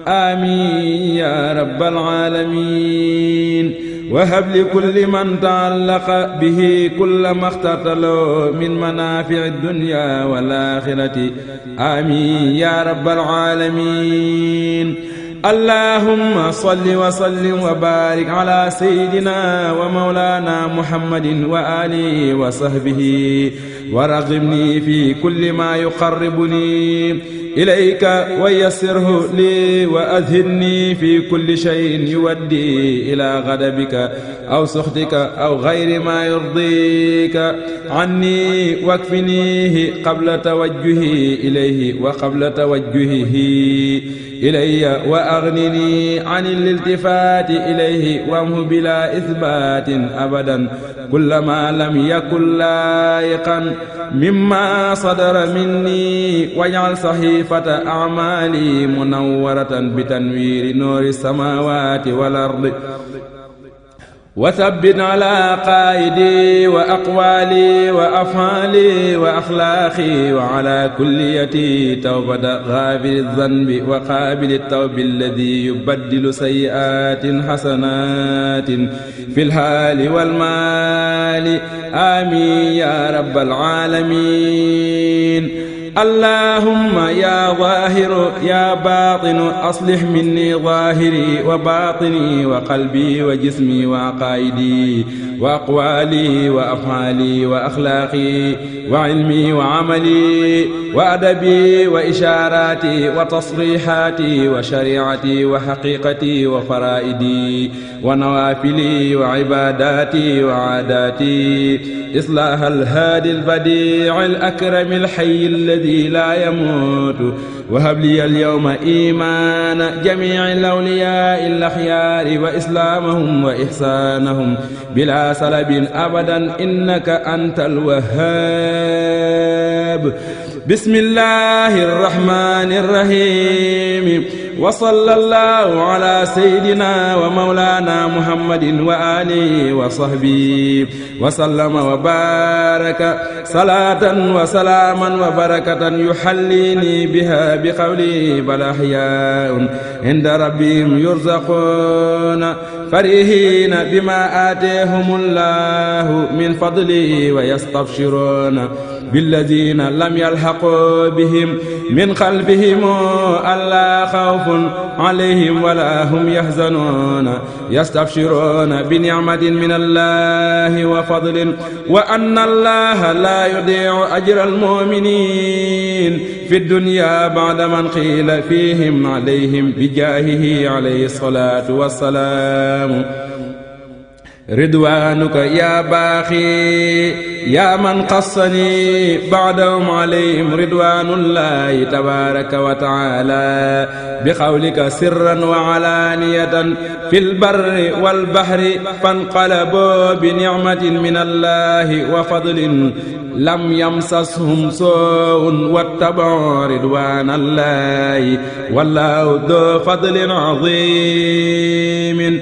amin ya rabbal alamin wa hab li kulli man ta'allaqa bihi kulla maxtatalo min manaafi'i dunya wal axirati amin ya rabbal alamin allahumma salli wa sallim wa barik ala sayyidina wa mawlana muhammadin wa alihi wa sahbihi wa raghibni fi kulli ma yuqarribuni ilayka wa yassirhu lii wa adhinni fi kulli shay'in yuwaddi ila ghadabika aw suxtika aw ghayri ma yurdika anni wakfinihi qabla tawajjuhi ilayhi wa qabla tawajjuhihi ilayya wa aghnini an al-iltifati ilayhi wamhu bila ithbatin abadan kullama lam yakun laayiqan mimma sadara minni wajal saxiifata amaali munawwaratan bi tanwiiri noori samaawaati wal ardi wa sabbit ala qaayidi wa aqwaali wa afaali wa axlaaqi wa ala kulliyati tawbata xaafiri zanbi wa qaabili tawbi alladi yubaddilu sayyi'aatin xasanaatin fil haali wal maali آمين يا رب العالمين allahumma ya zaahiru ya baatinu aslih minni zaahiri wa baatini wa qalbi wa jismi wa aqaayidi wa aqwaali wa afaali wa axlaaqi wa ilmi wa amali wa adabi wa ishaaraati wa tasriihaati wa shariicati wa xaqiiqati wa faraa'idi wa nawaafili wa cibaadaati wa caadaati islaaha alhaadi albadiici alakrami alxayyi alladi الذي لا يموت وهب لي اليوم إيمان جميع الأولياء الأخيار وإسلامهم وإحسانهم بلا سلب أبدا إنك أنت الوهاب بسم الله الرحمن الرحيم wa sallallahu ala sayyidina wa mawlana muhammadin wa alihi wa sahbihi wa sallama wa baraka salatan wa salaaman wa barakatan yuhallini biha bi qawli bal ahyaun inda rabbihim yurzaquna farihiina bimaa aateehumu llaahu min fadlihi wa yastabsiruuna billaziina lam yalhaquu bihim min xalfihim allaa xawfun عليهم ولا هم يحزنون يستبشرون بنعمة من الله وفضل وأن الله لا يضيع أجر المؤمنين في الدنيا بعد من قيل فيهم عليهم بجاهه عليه الصلاة والسلام ridwaanuka yaa baaxi yaa man xassani baadahum alayhim ridwaanullahi tabaaraka wa taala bi xawlika sirran wa alaaniyatan fil barri wal bahri fanqalaboo bi nicmatin min allahi wa fadlin lam yamsashum soowun wattabao ridwaanallahi wallaahu doo fadlin aziimin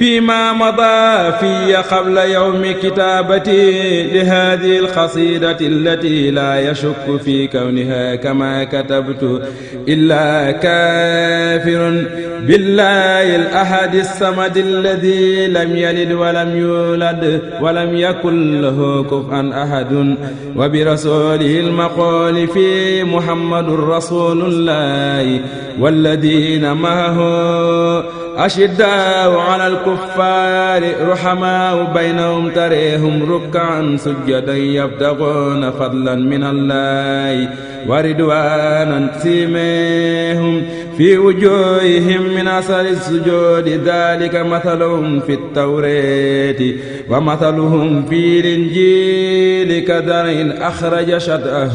fi ma mada fiya qabla yawmi kitaabati li haadihi alxasidati allati la yashukku fi kawniha kama katabtu illa kafirun billahi alahadi samadi alladi lam yalid walam yulad walam yakun lahu kufuwan ahadun wa bi rasulihi almaqooli fi muhammadun rasulullahi walladina maahu أشداء على الكفار رحماء بينهم تريهم ركعا سجدا يبتغون فضلا من الله وردوانا سيميهم في وجوههم من أثر السجود ذلك مثلهم في التوراة ومثلهم في الإنجيل كدر أخرج شطأه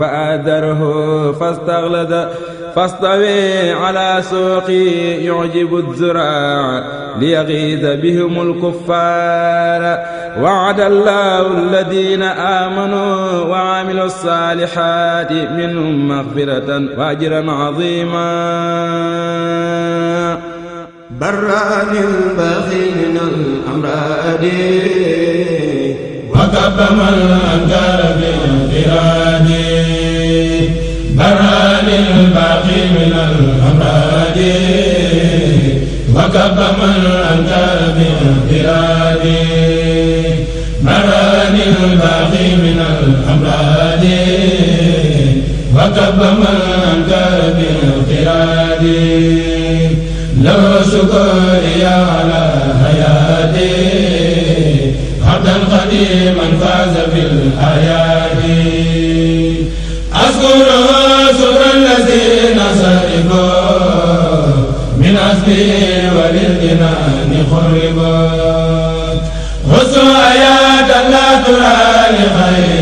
فآذره فاستغلظ فاستوي على سوقي يعجب الزراع ليغيظ بهم الكفار وعد الله الذين آمنوا وعملوا الصالحات منهم مغفرة وأجرا عظيما برأني البخيل من الأمراض وكبم الأنكار بالانفراد لنا للباقي من الأمراض وكب من أنت بانفراد لنا للباقي من الأمراض وكب من أنت بانفراد له شكري على حياتي عبدا قديما فاز في الحياه الوصل وللجنان خربا حسن يا لا ترى لخير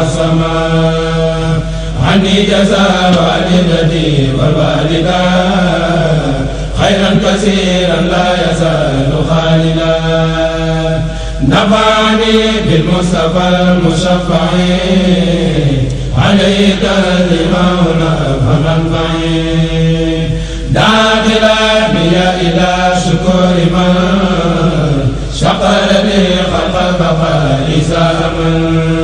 والسماء عني جزاء والدتي والوالدة خيرا كثيرا لا يزال خالدا نفعني بالمصطفى المشفع عليك لمولى فمنفعي داخلا بي إلى شكر من شكرني خلق البقاء سامن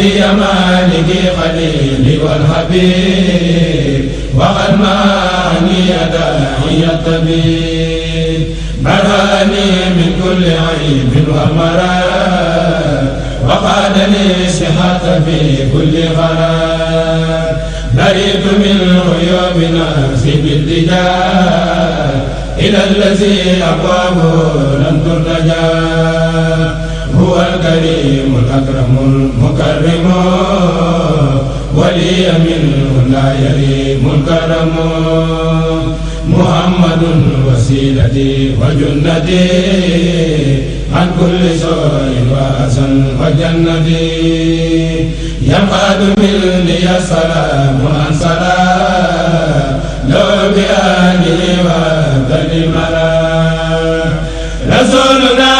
ربي مالك خليلي والحبيب وقد معني داعي الطبيب براني من كل عيب ومرض وقادني صحة في كل غرار بريت من عيوب نفسي بالتجاه إلى الذي أقواه لن ترتجى هو الكريم الأكرم المكرم ولي منه لا يريم الكرم محمد وسيلتي وجنتي عن كل سوء وأسن وجنتي يقعد مني السلام عن سلام لو بأهله وأبدل مرا رسولنا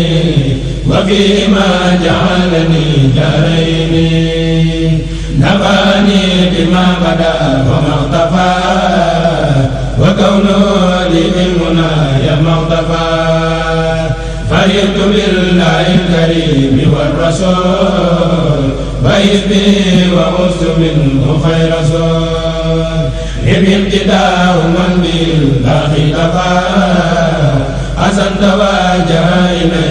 وفيما جعلني دارين نفاني بما بدا وما اختفى وكونه لي بالمنى يا مغتفى فرحت بالله الكريم والرسول وإذني وعزت منه خير رسول لم ابتداء من بالله تقى حسن تواجه إليه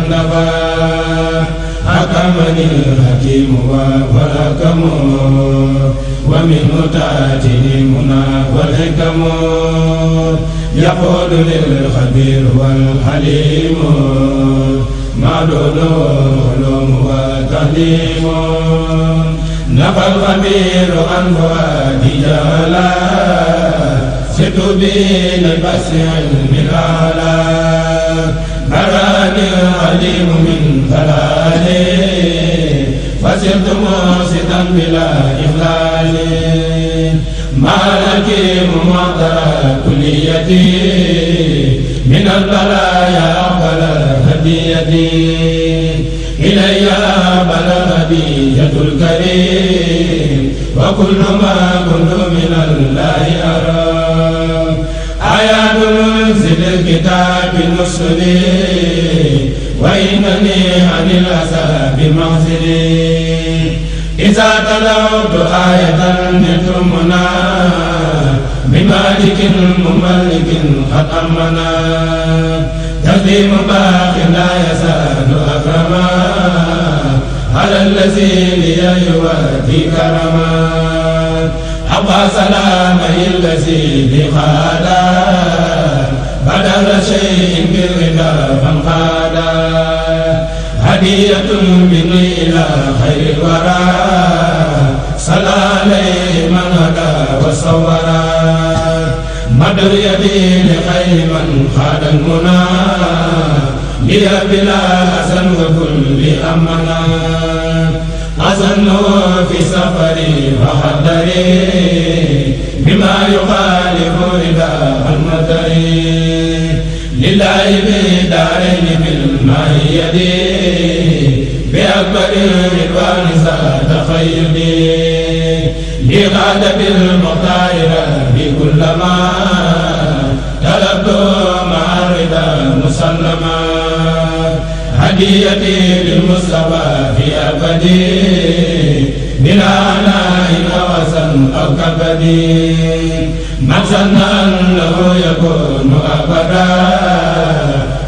قد نباه حكمني الحكيم وفلكم ومنه تأتيه المنى والحكم يقول للخبير والحليم ما دونه علوم وتعليم نفى الخبير عن فؤادي جهلا ست به لبس علم الأعلى براني عليم من فلالي فسرت موسدا بلا إخلال ما لك ممطر كليتي من البلايا أقبل هديتي إلي بلغ هدية الكريم وكل ما كنت من الله أرى آيات في الكتاب المسلم وإنني عن العذاب معزلي إذا تلوت آية نتمنا بمالك مملك ختمنا تقديم باق لا يزال أكرما على الذي ليواتي كرما أبقى سلامي الذي بخادا بدل شيء بالربا فانقادا هدية مني إلى خير الورى صلى عليه من هدى وصورا مدر يدي لخير من خاد المنى بلا بلا حسن وكل أمنا حسن في سفري وحضري بما يخالف رداء المدر لله بدارين بالمعيد بأكبر رضوان زاد خيري لغاد بالمختار ربي كلما طلبت مع الرضا مسلما تحيتي بالمصطفى في أبدي بلا نائم وسن أو كبدي من سن أنه يكون أبدا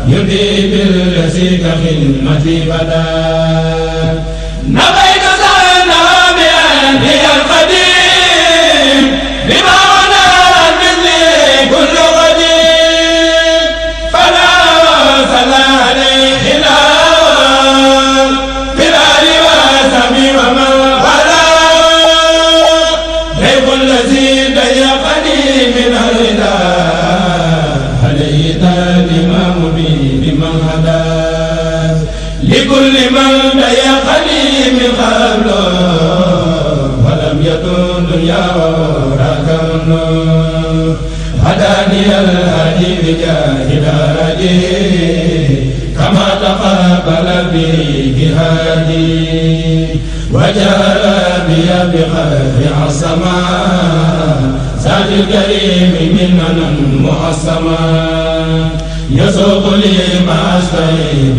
يدي بالذي كخدمتي بدا نبيت سنة بأني بهادي كما تقابل بي بهادي وجعل بي بخير عصما زاد الكريم مننا معصما يسوق لي مع السيف